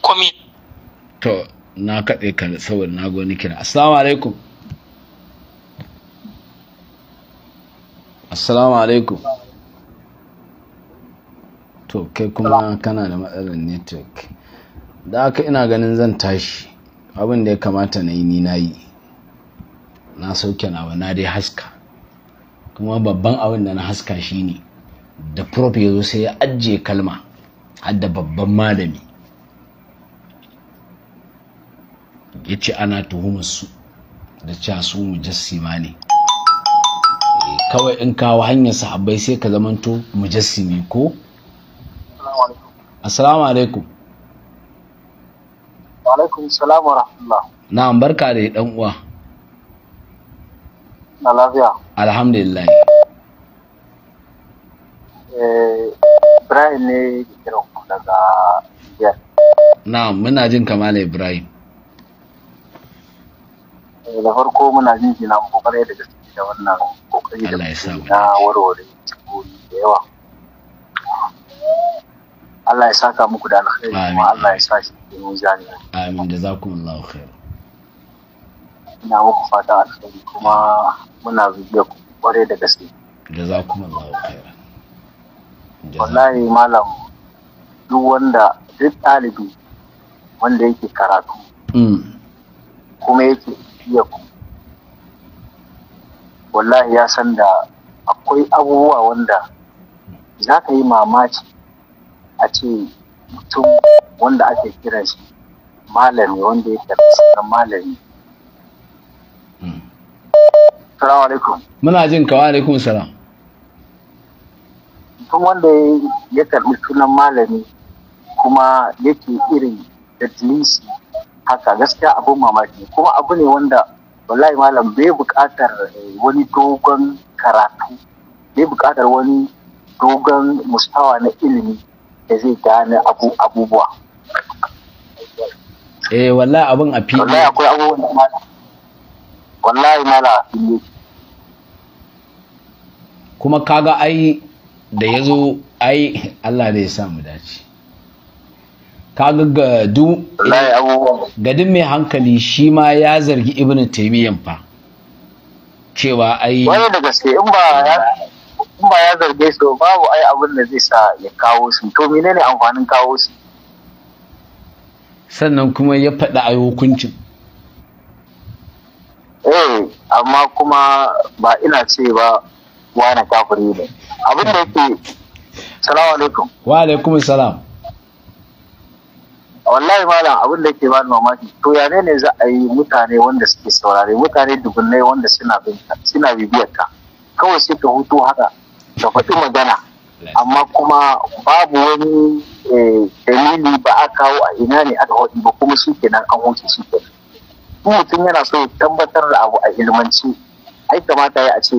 Speaker 3: komi
Speaker 1: to na kaɗe ka saboda na goni kira assalamu alaikum assalamu alaikum to kai kuma kana da matsalar network da haka ina ganin zan tashi abin da ya kamata na yi ni na yi na sauke nawa na dai haska kuma babban abin da na haska shine da prof ya zo sai ya ajiye kalma har da babban malami ya ce ana tuhumar su da cewa su mujassima ne eh, kawai in kawo hanyar sahabbai sai ka zamanto mujassimi ko assalamu alaikum
Speaker 3: wa alaikum salamu wa rahmatullah
Speaker 1: na'am barka da dan uwa na lafiya alhamdulillah
Speaker 3: eh, Ibrahim ne kiran ku daga Niger
Speaker 1: na'am muna jin kamala Ibrahim
Speaker 3: eh, da farko muna jin jina mu kokare da gaske da wannan kokari da na warware da yawa Allah ya saka muku da alkhairi kuma Allah ya sa shi da mizani
Speaker 1: amin da zakum Allah khair
Speaker 3: ina muku fata alkhairi kuma muna bibiya ku kware da gaske da zakum Allah khair wallahi malam duk wanda duk ɗalibi wanda yake karatu mm. kuma yake iya ku wallahi ya san da akwai abubuwa wanda za ka yi mamaci a ce mutum wanda ake kiran shi malami wanda ya karɓi sunan malami hmm. Salamu alaikum.
Speaker 1: Muna jin ka wa alaikum salam.
Speaker 3: Mutum wanda ya karɓi sunan malami kuma yake irin da jinsi haka gaskiya abin mamaki kuma abu ne wanda wallahi malam bai buƙatar eh, wani dogon karatu bai buƙatar wani dogon mustawa na ilimi da zai gane abubuwa
Speaker 1: eh wallahi abin a fili wallahi akwai
Speaker 3: abubuwan da mala wallahi mala a
Speaker 1: fili kuma kaga ai da ya zo ai Allah ne ya sa mu dace kaga ga du ga duk mai hankali shi ma ya zargi ibnu taimiyyan fa cewa
Speaker 3: ai wani da gaske in ba ya in ba ya zarge su babu ai abin da zai sa ya kawo su to menene amfanin kawo su
Speaker 1: sannan kuma ya faɗa a hukuncin
Speaker 3: eh amma kuma ba ina ce ba wani kafiri ne abin da yake salamu alaikum
Speaker 1: wa alaikum salam
Speaker 3: wallahi malam abin da yake bani mamaki to ya ne za a yi mutane wanda suke saurare mutane dubunnai wanda suna bibiyar ta kawai sai ka hutu haka ka faɗi magana amma kuma babu wani eh, dalili ba a kawo a ina ne aka faɗi ba kuma shi kenan an wuce shi kenan mutum yana so ya tabbatar da abu a ilmanci ai kamata ya ce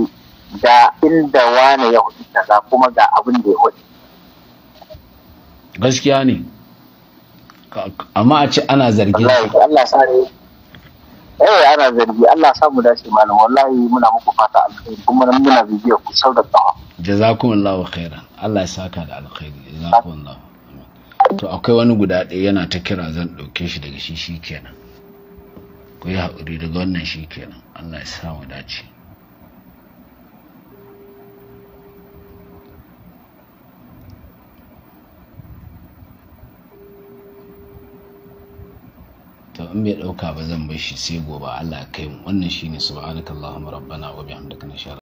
Speaker 3: ga inda wane ya hudu kaza kuma ga abin da ya hudu
Speaker 1: gaskiya ne amma a ce ana zargin
Speaker 3: Allah ya eh, ana zargi Allah sa mu dace malam wallahi muna muku fata alkhairi kuma muna bibiya ku sau da tsawa
Speaker 1: jazakumullahu khairan Allah ya saka da alkhairi Allah to akwai wani guda ɗaya yana ta kira zan ɗauke shi daga shi shikenan ku yi haƙuri daga wannan shi kenan, Allah ya sa dace in bai ɗauka ba zan bar shi sai gobe Allah kai mu wannan shine subhanakallahumma rabbana wa bihamdika nashhadu